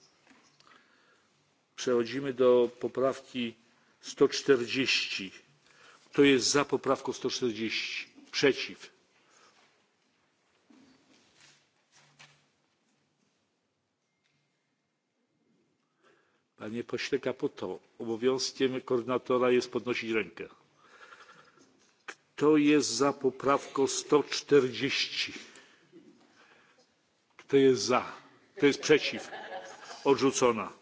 przechodzimy do poprawki 140. Kto jest za poprawką 140? Przeciw. Panie pośle Kaputo, obowiązkiem koordynatora jest podnosić rękę. Kto jest za poprawką 140? Kto jest za? Kto jest przeciw? Odrzucona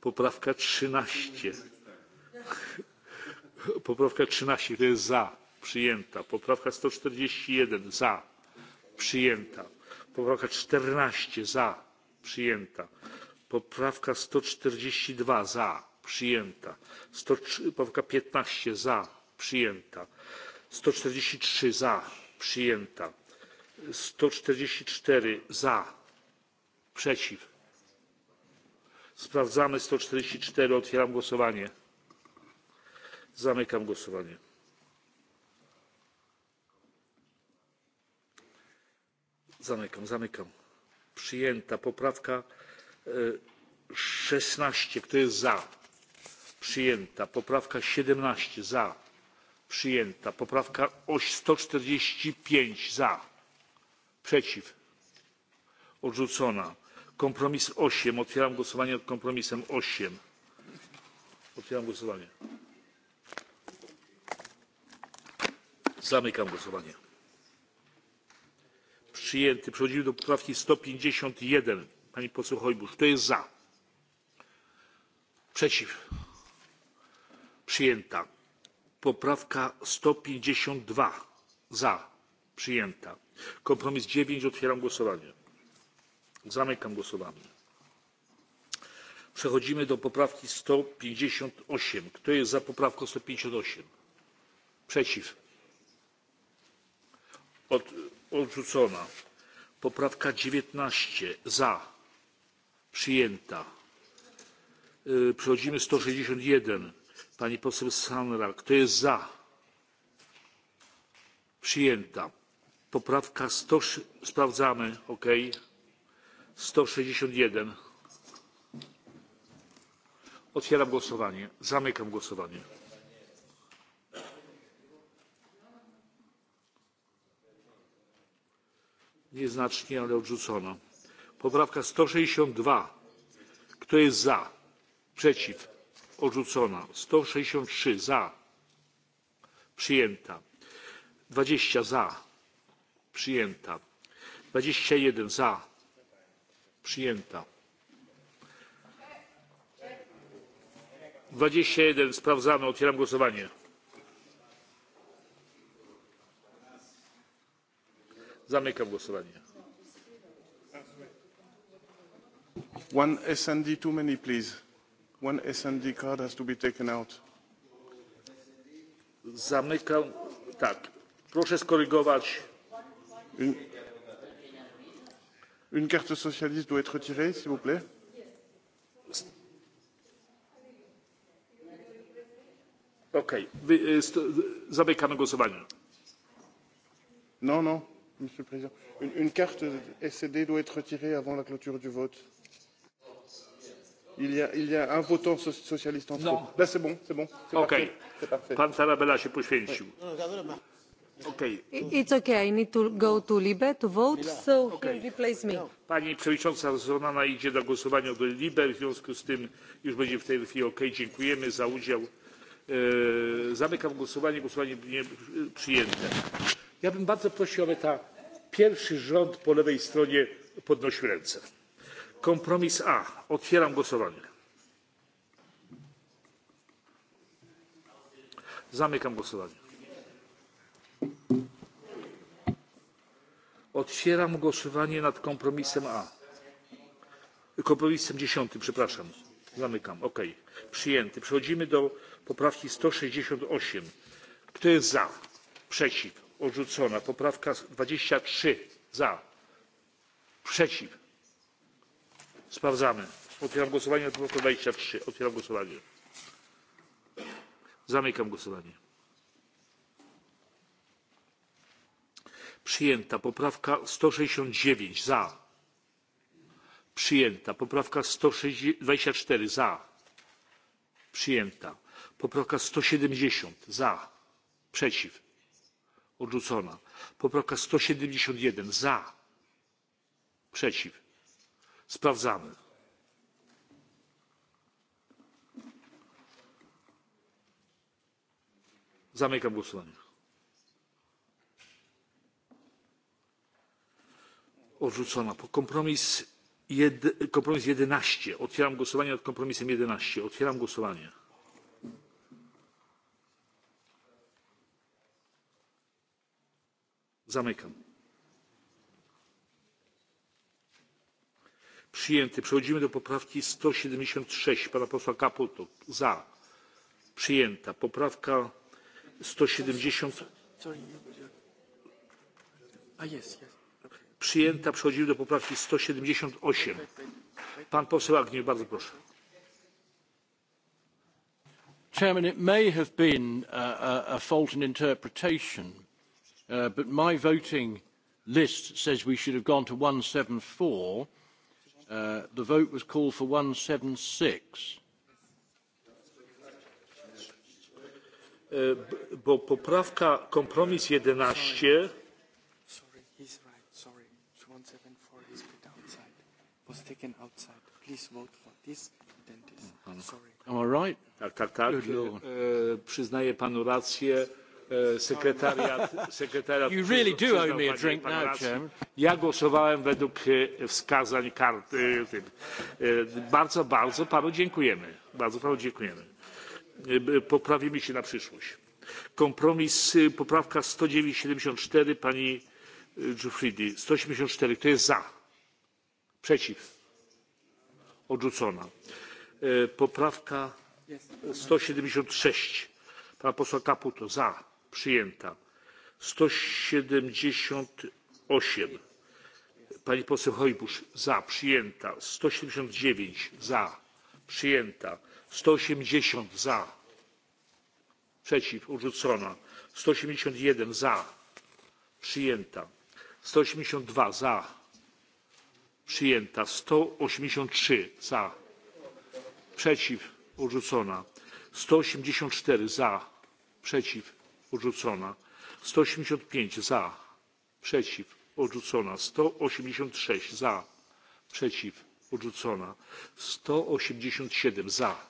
poprawka 13. Poprawka 13 to jest za, przyjęta. Poprawka 141 za, przyjęta. Poprawka 14 za, przyjęta. Poprawka 142 za, przyjęta. Poprawka 15 za, przyjęta. 143 za, przyjęta. 144 za, przeciw Sprawdzamy sto czterdzieści cztery, Otwieram głosowanie. Zamykam głosowanie. Zamykam, zamykam. Przyjęta poprawka szesnaście Kto jest za? Przyjęta. Poprawka siedemnaście Za. Przyjęta. Poprawka sto czterdzieści pięć Za. Przeciw. Odrzucona Kompromis osiem. Otwieram głosowanie nad kompromisem osiem. Otwieram głosowanie. Zamykam głosowanie. Przyjęty. Przechodzimy do poprawki 151. Pani poseł Hojbusz. Kto jest za? Przeciw. Przyjęta. Poprawka 152. Za. Przyjęta. Kompromis 9. Otwieram głosowanie. Zamykam głosowanie. Przechodzimy do poprawki sto pięćdziesiąt osiem. Kto jest za poprawką sto pięćdziesiąt osiem? Przeciw. odrzucona. Poprawka dziewiętnaście za. Przyjęta. Przechodzimy sto sześćdziesiąt jeden. Pani poseł Sanra. Kto jest za? Przyjęta. Poprawka sto. Sprawdzamy. Okej sto sześćdziesiąt jeden otwieram głosowanie zamykam głosowanie nieznacznie ale odrzucono poprawka sto sześćdziesiąt dwa kto jest za przeciw odrzucona sto sześćdziesiąt trzy za przyjęta dwadzieścia za przyjęta dwadzieścia jeden za przyjęta. dwadzieścia jeden sprawdzamy otwieram głosowanie. zamykam głosowanie. one SND too many please. one SND card has to be taken out. zamykam tak proszę skorygować. Une carte socialiste doit être retirée, s'il vous plaît. Okej, zamykam głosowanie. Non, non, Monsieur le Président. Une, une carte SCD doit être retirée avant la clôture du vote. Il y a, il y a un votant so socialiste en trop. Non. Là, c'est bon, c'est bon. Ok. parfait. Okej, pan Tarabella się poświęcił pani przewodnicząca zonana idzie do głosowania do libe w związku z tym już będzie w tej chwili okej. dziękujemy za udział. zamykam głosowanie. głosowanie przyjęte. ja bym bardzo prosił aby pierwszy rząd po lewej stronie podnosił ręce. kompromis a. otwieram głosowanie. zamykam głosowanie otwieram głosowanie nad kompromisem a kompromisem dziesięć przepraszam zamykam ok przyjęty przechodzimy do poprawki sto sześćdziesiąt osiem kto jest za przeciw odrzucona poprawka dwadzieścia trzy za przeciw sprawdzamy otwieram głosowanie nad poprawką dwadzieścia trzy otwieram głosowanie zamykam głosowanie Przyjęta. Poprawka 169 za. Przyjęta. Poprawka 124 za. Przyjęta. Poprawka 170 za. Przeciw. Odrzucona. Poprawka 171 za. Przeciw. Sprawdzamy. Zamykam głosowanie. Odrzucona. Kompromis, jed, kompromis 11. Otwieram głosowanie nad kompromisem 11. Otwieram głosowanie. Zamykam. Przyjęty. Przechodzimy do poprawki 176 pana posła Kaputo. Za. Przyjęta. Poprawka 170. siedemdziesiąt A jest, jest przyjęta. Przechodzimy do poprawki 178. Pan poseł Agnew, bardzo proszę. Chairman, it may have been a, fault in interpretation, but my voting list says we should have gone to 174. Uh, the vote was called for 176. Bo poprawka kompromis 11 taken outside. Please vote for this dentist. Sorry. Am I right? Tak, tak, tak. Good Lord. E, Przyznaję panu rację. Sekretariat, sekretariat you really do owe me a drink now, Chairman. Ja głosowałem według wskazań karty. Bardzo, bardzo panu dziękujemy. Bardzo panu dziękujemy. Poprawimy się na przyszłość. Kompromis, poprawka 109.74 pani Giuffridi. 184. Kto jest za? Przeciw? odrzucona. poprawka sto siedemdziesiąt sześć pana posła caputo za przyjęta sto siedemdziesiąt osiem pani poseł hojbusz za przyjęta sto siedemdziesiąt dziewięć za przyjęta sto osiemdziesiąt za przeciw odrzucona sto osiemdziesiąt jeden za przyjęta sto osiemdziesiąt dwa za przyjęta sto osiemdziesiąt trzy za przeciw odrzucona sto osiemdziesiąt cztery za przeciw odrzucona sto osiemdziesiąt pięć za przeciw odrzucona sto osiemdziesiąt sześć za przeciw odrzucona sto osiemdziesiąt siedem za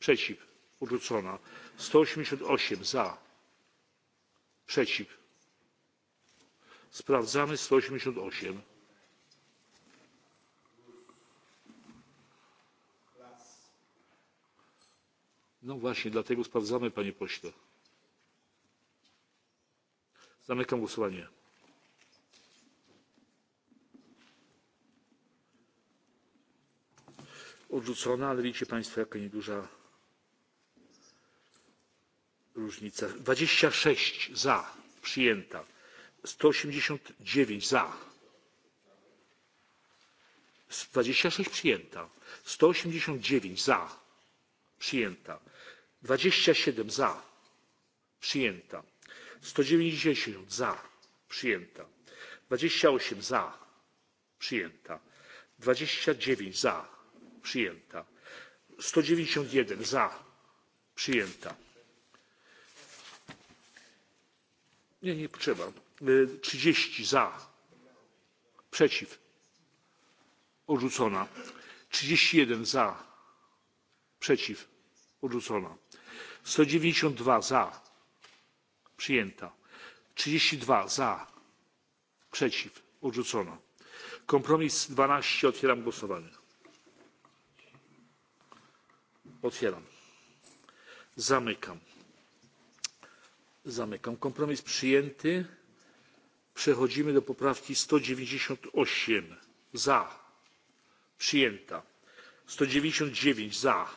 przeciw odrzucona sto osiemdziesiąt osiem za przeciw sprawdzamy sto osiemdziesiąt osiem No właśnie, dlatego sprawdzamy, panie pośle. Zamykam głosowanie. Odrzucona, ale widzicie państwo, jaka nieduża różnica. 26 za, przyjęta. 189 za. 26 przyjęta. 189 za. Przyjęta dwadzieścia siedem za przyjęta sto dziewięćdzisiąt za przyjęta dwadzieścia osiem za przyjęta dwadzieścia dziewięć za przyjęta sto dziewięćdzisiąt jeden za przyjęta nie nie potrzeba trzydzieści za przeciw odrzucona trzydzieści jeden za przeciw odrzucona dwa za. Przyjęta. 32 za. Przeciw. Odrzucono. Kompromis 12. Otwieram głosowanie. Otwieram. Zamykam. Zamykam. Kompromis przyjęty. Przechodzimy do poprawki 198. Za. Przyjęta. 199 za.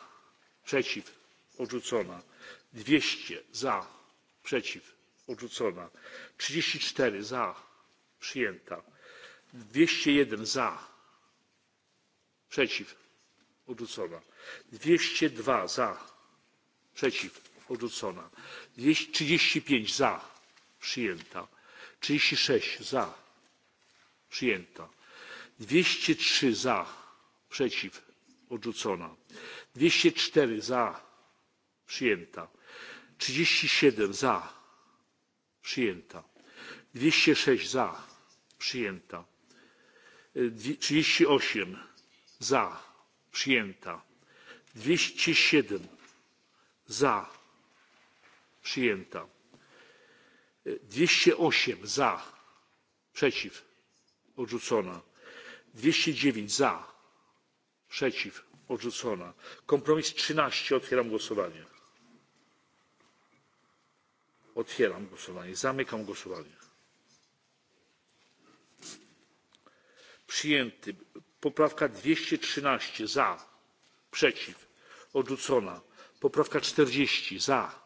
Przeciw. Odrzucona dwieście za przeciw odrzucona trzydzieści cztery za przyjęta dwieście jeden za przeciw odrzucona dwieście dwa za przeciw odrzucona trzydzieści pięć za przyjęta trzydzieści sześć za przyjęta dwieście trzy za przeciw odrzucona dwieście cztery za przyjęta Trzydzieści siedem za. Przyjęta. Dwieście sześć za. Przyjęta. Trzydzieści osiem za. Przyjęta. Dwieście siedem za. Przyjęta. Dwieście osiem za. Przeciw. Odrzucona. Dwieście dziewięć za. Przeciw. Odrzucona. Kompromis trzynaście Otwieram głosowanie. Otwieram głosowanie. Zamykam głosowanie. Przyjęty. Poprawka dwieście trzynaście za. Przeciw. Odrzucona. Poprawka czterdzieści za.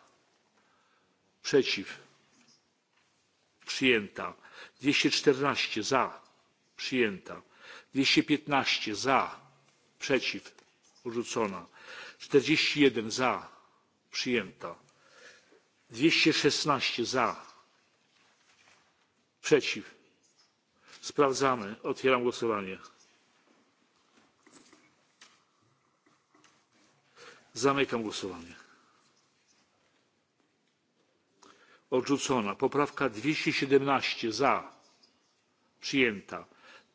Przeciw. Przyjęta. Dwieście czternaście za. Przyjęta. Dwieście piętnaście za. Przeciw. Odrzucona. Czterdzieści jeden za. Przyjęta 216 za. Przeciw. Sprawdzamy. Otwieram głosowanie. Zamykam głosowanie. Odrzucona. Poprawka 217 za. Przyjęta.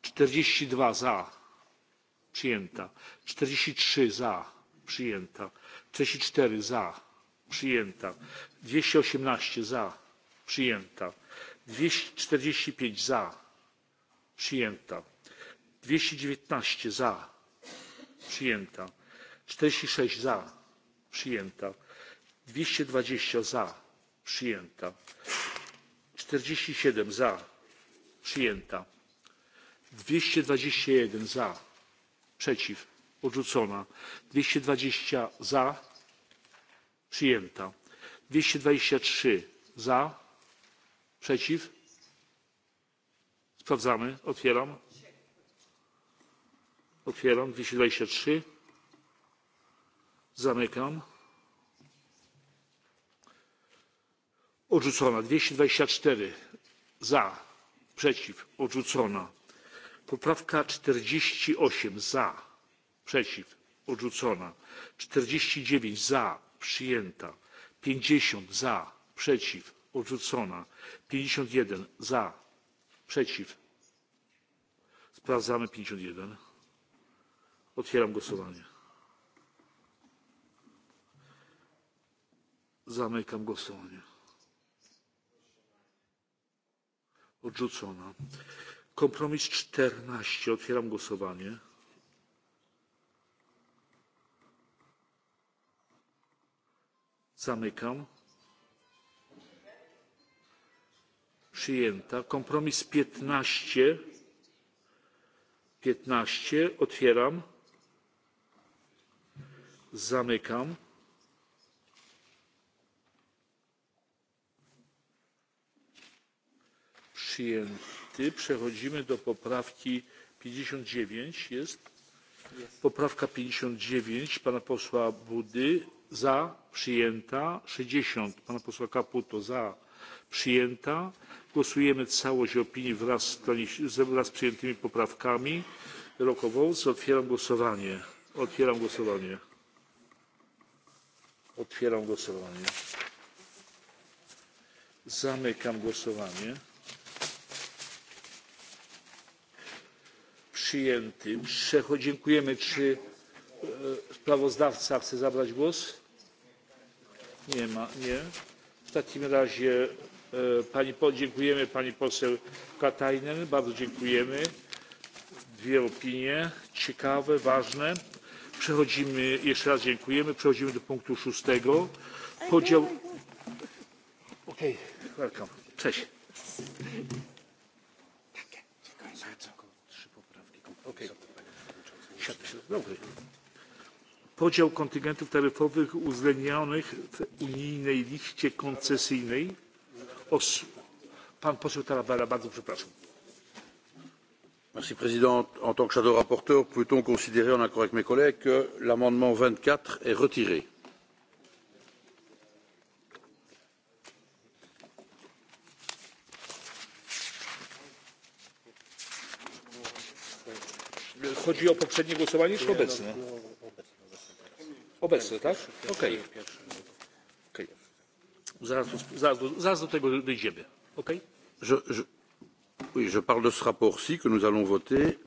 42 za. Przyjęta. 43 za. Przyjęta. cztery za przyjęta. Dwieście osiemnaście za, przyjęta. Dwieście czterdzieści pięć za, przyjęta. Dwieście dziewiętnaście za, przyjęta. Czterdzieści sześć za, przyjęta. Dwieście dwadzieścia za, przyjęta. Czterdzieści siedem za, przyjęta. Dwieście dwadzieścia jeden za, przeciw, odrzucona. Dwieście dwadzieścia za, Przyjęta. 223 za, przeciw. Sprawdzamy. Otwieram. Otwieram. 223. Zamykam. Odrzucona. 224 za, przeciw. Odrzucona. Poprawka 48 za, przeciw. Odrzucona. 49 za, przyjęta. pięćdziesiąt za, przeciw, odrzucona. pięćdziesiąt jeden za, przeciw. Sprawdzamy pięćdziesiąt jeden. Otwieram głosowanie. Zamykam głosowanie. Odrzucona. Kompromis czternaście. Otwieram głosowanie. Zamykam. Przyjęta. Kompromis 15. 15. Otwieram. Zamykam. Przyjęty. Przechodzimy do poprawki 59. Jest poprawka 59 pana posła Budy za, przyjęta. 60 pana posła Caputo za, przyjęta. Głosujemy całość opinii wraz z, przyjętymi poprawkami. Roll Otwieram głosowanie. Otwieram głosowanie. Otwieram głosowanie. Zamykam głosowanie. Przyjęty. Przechodzimy. Dziękujemy. Czy sprawozdawca chce zabrać głos? Nie nie. ma, w takim razie dziękujemy pani poseł katainen bardzo dziękujemy. dwie opinie ciekawe ważne. Przechodzimy. jeszcze raz dziękujemy. przechodzimy do punktu szóstego podział Podział kontyngentów taryfowych uwzględnionych w unijnej liście koncesyjnej. Pan poseł Tarabella, bardzo przepraszam. Monsieur le Président, en tant que shadow rapporteur, peut-on considérer, en accord avec mes collègues, que l'amendement 24 est retiré Chodzi o poprzednie głosowanie czy obecne? Obecny, tak? Okej. Okay. Zaraz, zaraz, zaraz do tego dojdziemy. Okej? Okay? oui, je parle de ce rapport-ci que nous allons voter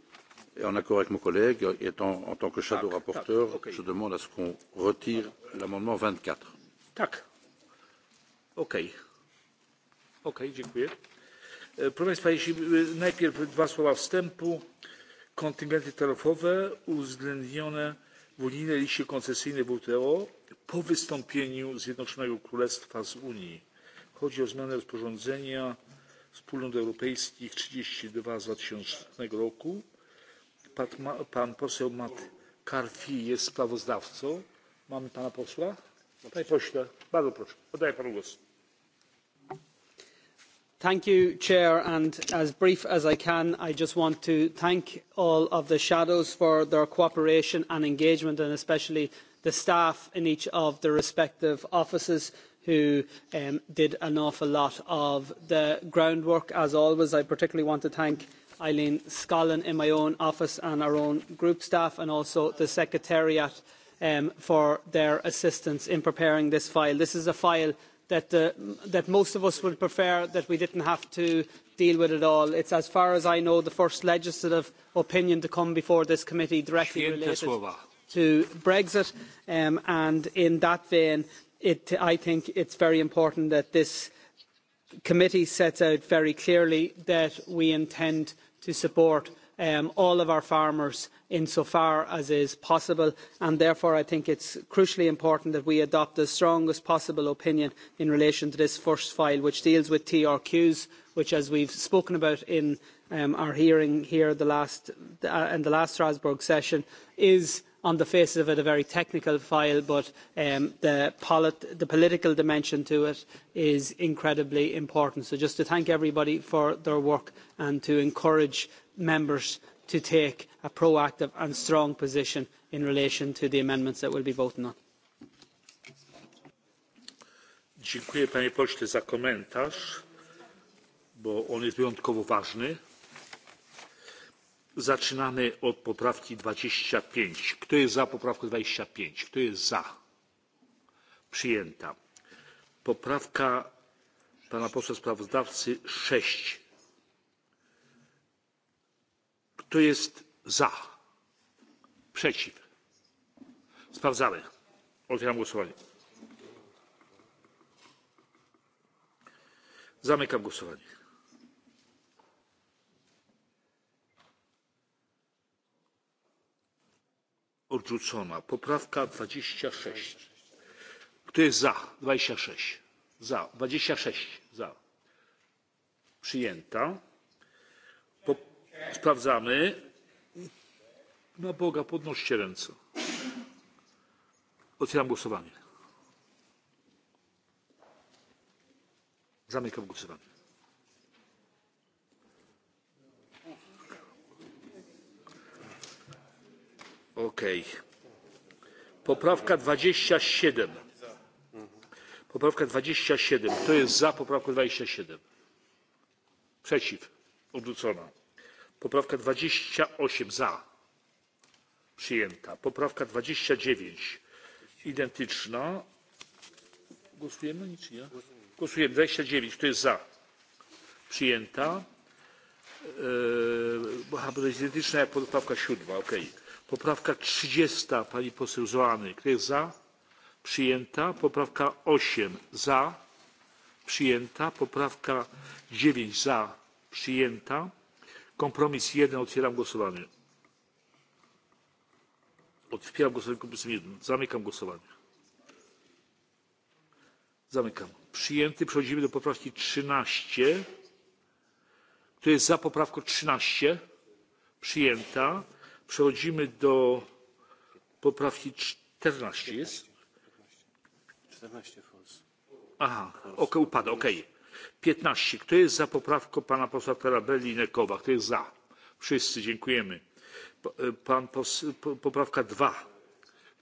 et en accord avec mon collègue et en, en tant que shadow tak, rapporteur, tak, okay. je demande à ce qu'on retire l'amendement 24. Tak. OK. OK, dziękuję. Proszę Państwa, jeśli najpierw dwa słowa wstępu. Kontyngenty taryfowe uwzględnione w unijnej liście koncesyjnej wto po wystąpieniu zjednoczonego królestwa z unii. chodzi o zmianę rozporządzenia wspólnot europejskich trzydzieści dwa z dwa tysiące roku. pan poseł matt carfi jest sprawozdawcą. mamy pana posła? panie pośle bardzo proszę oddaję panu głos. Thank you, Chair, and as brief as I can, I just want to thank all of the shadows for their cooperation and engagement, and especially the staff in each of the respective offices who did an awful lot of the groundwork. As always, I particularly want to thank Eileen Scollin in my own office and our own group staff, and also the Secretariat for their assistance in preparing this file. This is a file that most of us would prefer that we didn't have to deal with it all. It's, as far as I know, the first legislative opinion to come before this committee directly related to Brexit. and in that vein, it I think it is very important that this committee sets out very clearly that we intend to support all of our farmers insofar as is possible and therefore I think it's crucially important that we adopt the strongest possible opinion in relation to this first file which deals with TRQs which as we've spoken about in our hearing here the last, in the last Strasbourg session is on the face of it a very technical file but the, political dimension to it is incredibly important. So just to thank everybody for their work and to encourage members to take a proactive and strong position in relation to the amendments that we will be voting on. Dziękuję panie pośle za komentarz, bo on jest wyjątkowo ważny. Zaczynamy od poprawki dwadzieścia pięć. Kto jest za poprawką dwadzieścia pięć? Kto jest za? Przyjęta. Poprawka pana posła sprawozdawcy sześć Kto jest za? Przeciw? Sprawdzamy. Otwieram głosowanie. Zamykam głosowanie. Odrzucona. Poprawka 26. Kto jest za? 26. Za. 26. Za. Przyjęta. Sprawdzamy. Na Boga, podnoście ręce. Otwieram głosowanie. Zamykam głosowanie. Okej. Poprawka 27. Poprawka 27. Kto jest za poprawką 27? Przeciw. Odrzucona poprawka dwadzieścia osiem za przyjęta poprawka dwadzieścia dziewięć identyczna głosujemy czy nie? głosujemy dwadzieścia dziewięć kto jest za przyjęta Aha, bo to jest identyczna jak poprawka siódma, Ok. Poprawka 30 pani poseł Zoany. Kto jest za? Przyjęta. Poprawka 8 za. Przyjęta. Poprawka 9 za. Przyjęta Kompromis 1. Otwieram głosowanie. Otwieram głosowanie kompromisem 1. Zamykam głosowanie. Zamykam. Przyjęty. Przechodzimy do poprawki 13. Kto jest za poprawką 13? Przyjęta. Przechodzimy do poprawki 14. Jest? 14 false. Aha, ok, upada, okej. Okay piętnaście kto jest za poprawką pana posła tarabelli i nekowa? kto jest za? wszyscy dziękujemy. poprawka dwa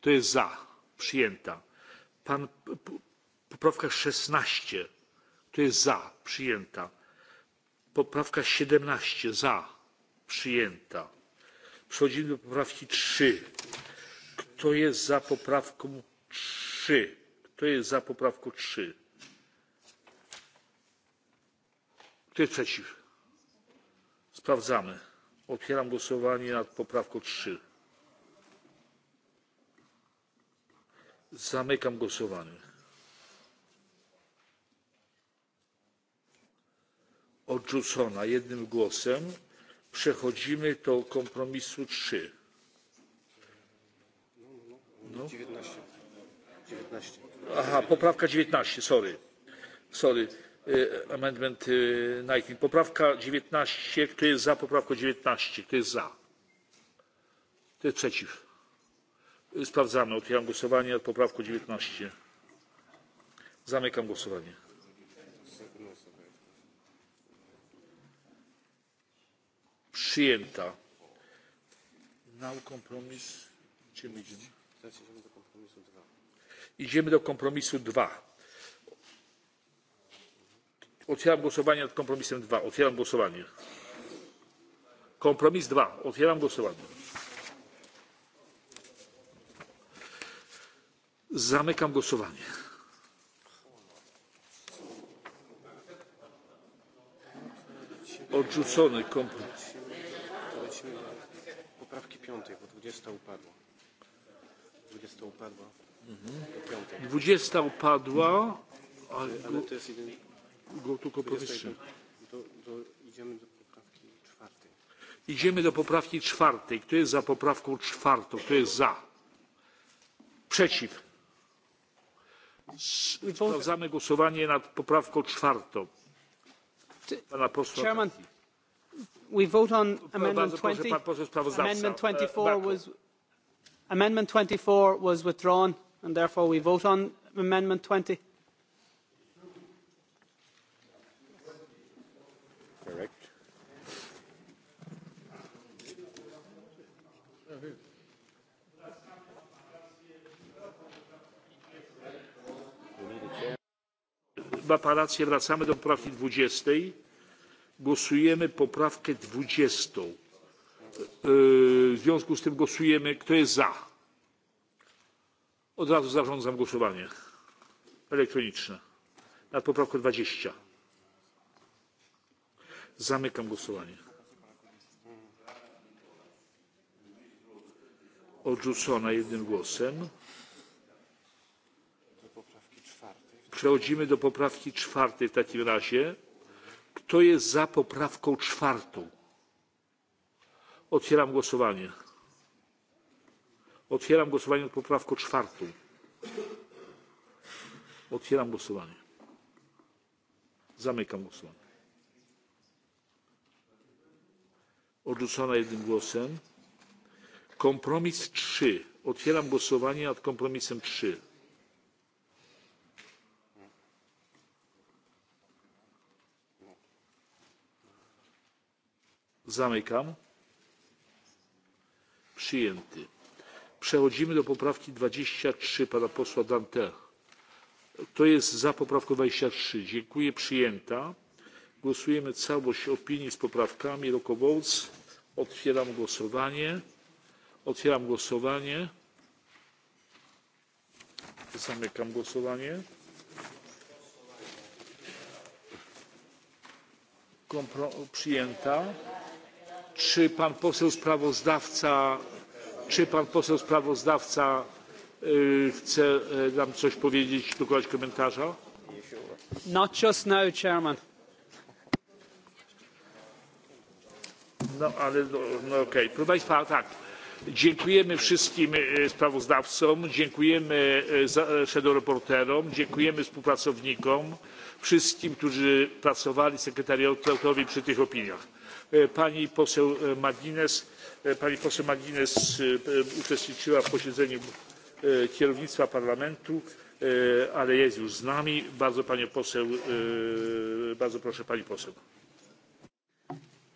kto jest za? przyjęta. poprawka szesnaście kto jest za? przyjęta. poprawka siedemnaście za? przyjęta. przechodzimy do poprawki trzy kto jest za poprawką trzy? kto jest za poprawką trzy? Kto jest przeciw? Sprawdzamy. Otwieram głosowanie nad poprawką 3. Zamykam głosowanie. Odrzucona jednym głosem. Przechodzimy do kompromisu 3. No. 19. Aha, poprawka 19, sorry. Sorry amendment nineteen poprawka dziewiętnaście kto jest za poprawką dziewiętnaście kto jest za kto jest przeciw sprawdzamy otwieram głosowanie nad poprawką dziewiętnaście zamykam głosowanie przyjęta now kompromis gdzie my idziemy idziemy do kompromisu dwa Otwieram głosowanie nad kompromisem 2. Otwieram głosowanie. Kompromis 2. Otwieram głosowanie. Zamykam głosowanie. Odrzucony kompromis. poprawki piątej, bo 20 upadła. 20 upadła. 20 upadła. Ale to jest identyczne go tylko powyższy. Idziemy do poprawki czwartej. Kto jest za poprawką czwartą? Kto jest za? Przeciw. Sprawdzamy głosowanie nad poprawką czwartą. Pana posła. Chairman, We vote on amendment 20. Amendment 24 was amendment 24 was withdrawn and therefore we vote on amendment 20. ma rację wracamy do poprawki dwudziestej głosujemy poprawkę dwudziestą w związku z tym głosujemy kto jest za od razu zarządzam głosowanie elektroniczne nad poprawką dwadzieścia zamykam głosowanie odrzucona jednym głosem Przechodzimy do poprawki czwartej w takim razie. Kto jest za poprawką czwartą? Otwieram głosowanie. Otwieram głosowanie nad poprawką czwartą. Otwieram głosowanie. Zamykam głosowanie. Odrzucona jednym głosem. Kompromis 3. Otwieram głosowanie nad kompromisem 3. Zamykam. Przyjęty. Przechodzimy do poprawki 23 pana posła Dante. Kto jest za poprawką 23? Dziękuję. Przyjęta. Głosujemy całość opinii z poprawkami. Rokowołc. Otwieram głosowanie. Otwieram głosowanie. Zamykam głosowanie. Przyjęta. Czy pan poseł sprawozdawca, czy pan poseł sprawozdawca chce nam coś powiedzieć, dokonać komentarza? Not just now, Chairman. No ale no, no okej. Proszę Państwa, tak. Dziękujemy wszystkim sprawozdawcom, dziękujemy shadow reporterom, dziękujemy współpracownikom, wszystkim, którzy pracowali sekretariatowi przy tych opiniach pani poseł mcguinness uczestniczyła w posiedzeniu kierownictwa parlamentu ale jest już z nami. bardzo proszę pani poseł.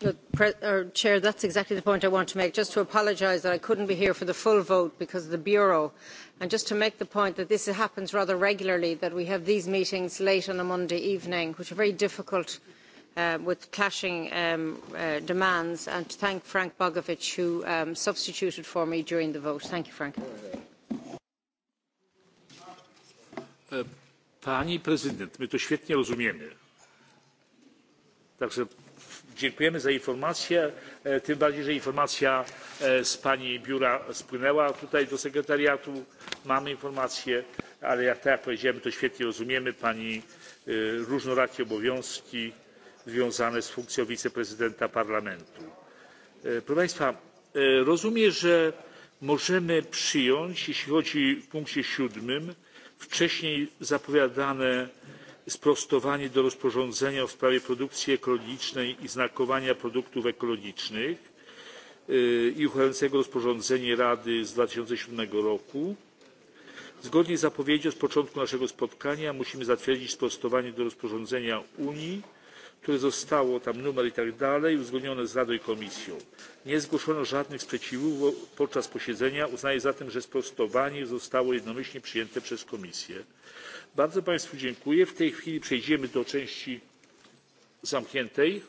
that is exactly the point i want to make just to apologise that i couldn't be here for the full vote because of the bureau and just to make the point that this happens rather regularly that we have these meetings late on a monday evening which are very difficult for with clashing demands and to thank Frank Bogovic who substituted for me during the vote. Thank you, Frank. Pani prezydent, my to świetnie rozumiemy. Także dziękujemy za informację, tym bardziej, że informacja z pani biura spłynęła tutaj do sekretariatu. Mamy informację, ale jak tak jak powiedziałem, to świetnie rozumiemy pani różnorakie obowiązki związane z funkcją wiceprezydenta parlamentu. proszę państwa rozumiem że możemy przyjąć jeśli chodzi w punkcie siódmym wcześniej zapowiadane sprostowanie do rozporządzenia w sprawie produkcji ekologicznej i znakowania produktów ekologicznych i uchylającego rozporządzenie rady z dwa tysiące siedem roku. zgodnie z zapowiedzią z początku naszego spotkania musimy zatwierdzić sprostowanie do rozporządzenia unii które zostało tam numer i tak dalej uzgodnione z Radą i Komisją. Nie zgłoszono żadnych sprzeciwów podczas posiedzenia. Uznaję zatem, że sprostowanie zostało jednomyślnie przyjęte przez Komisję. Bardzo Państwu dziękuję. W tej chwili przejdziemy do części zamkniętej.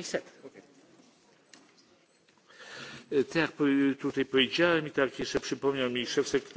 I said. Okay tak jak tutaj powiedziałem i tak jeszcze przypomniał mi szef sekretariatu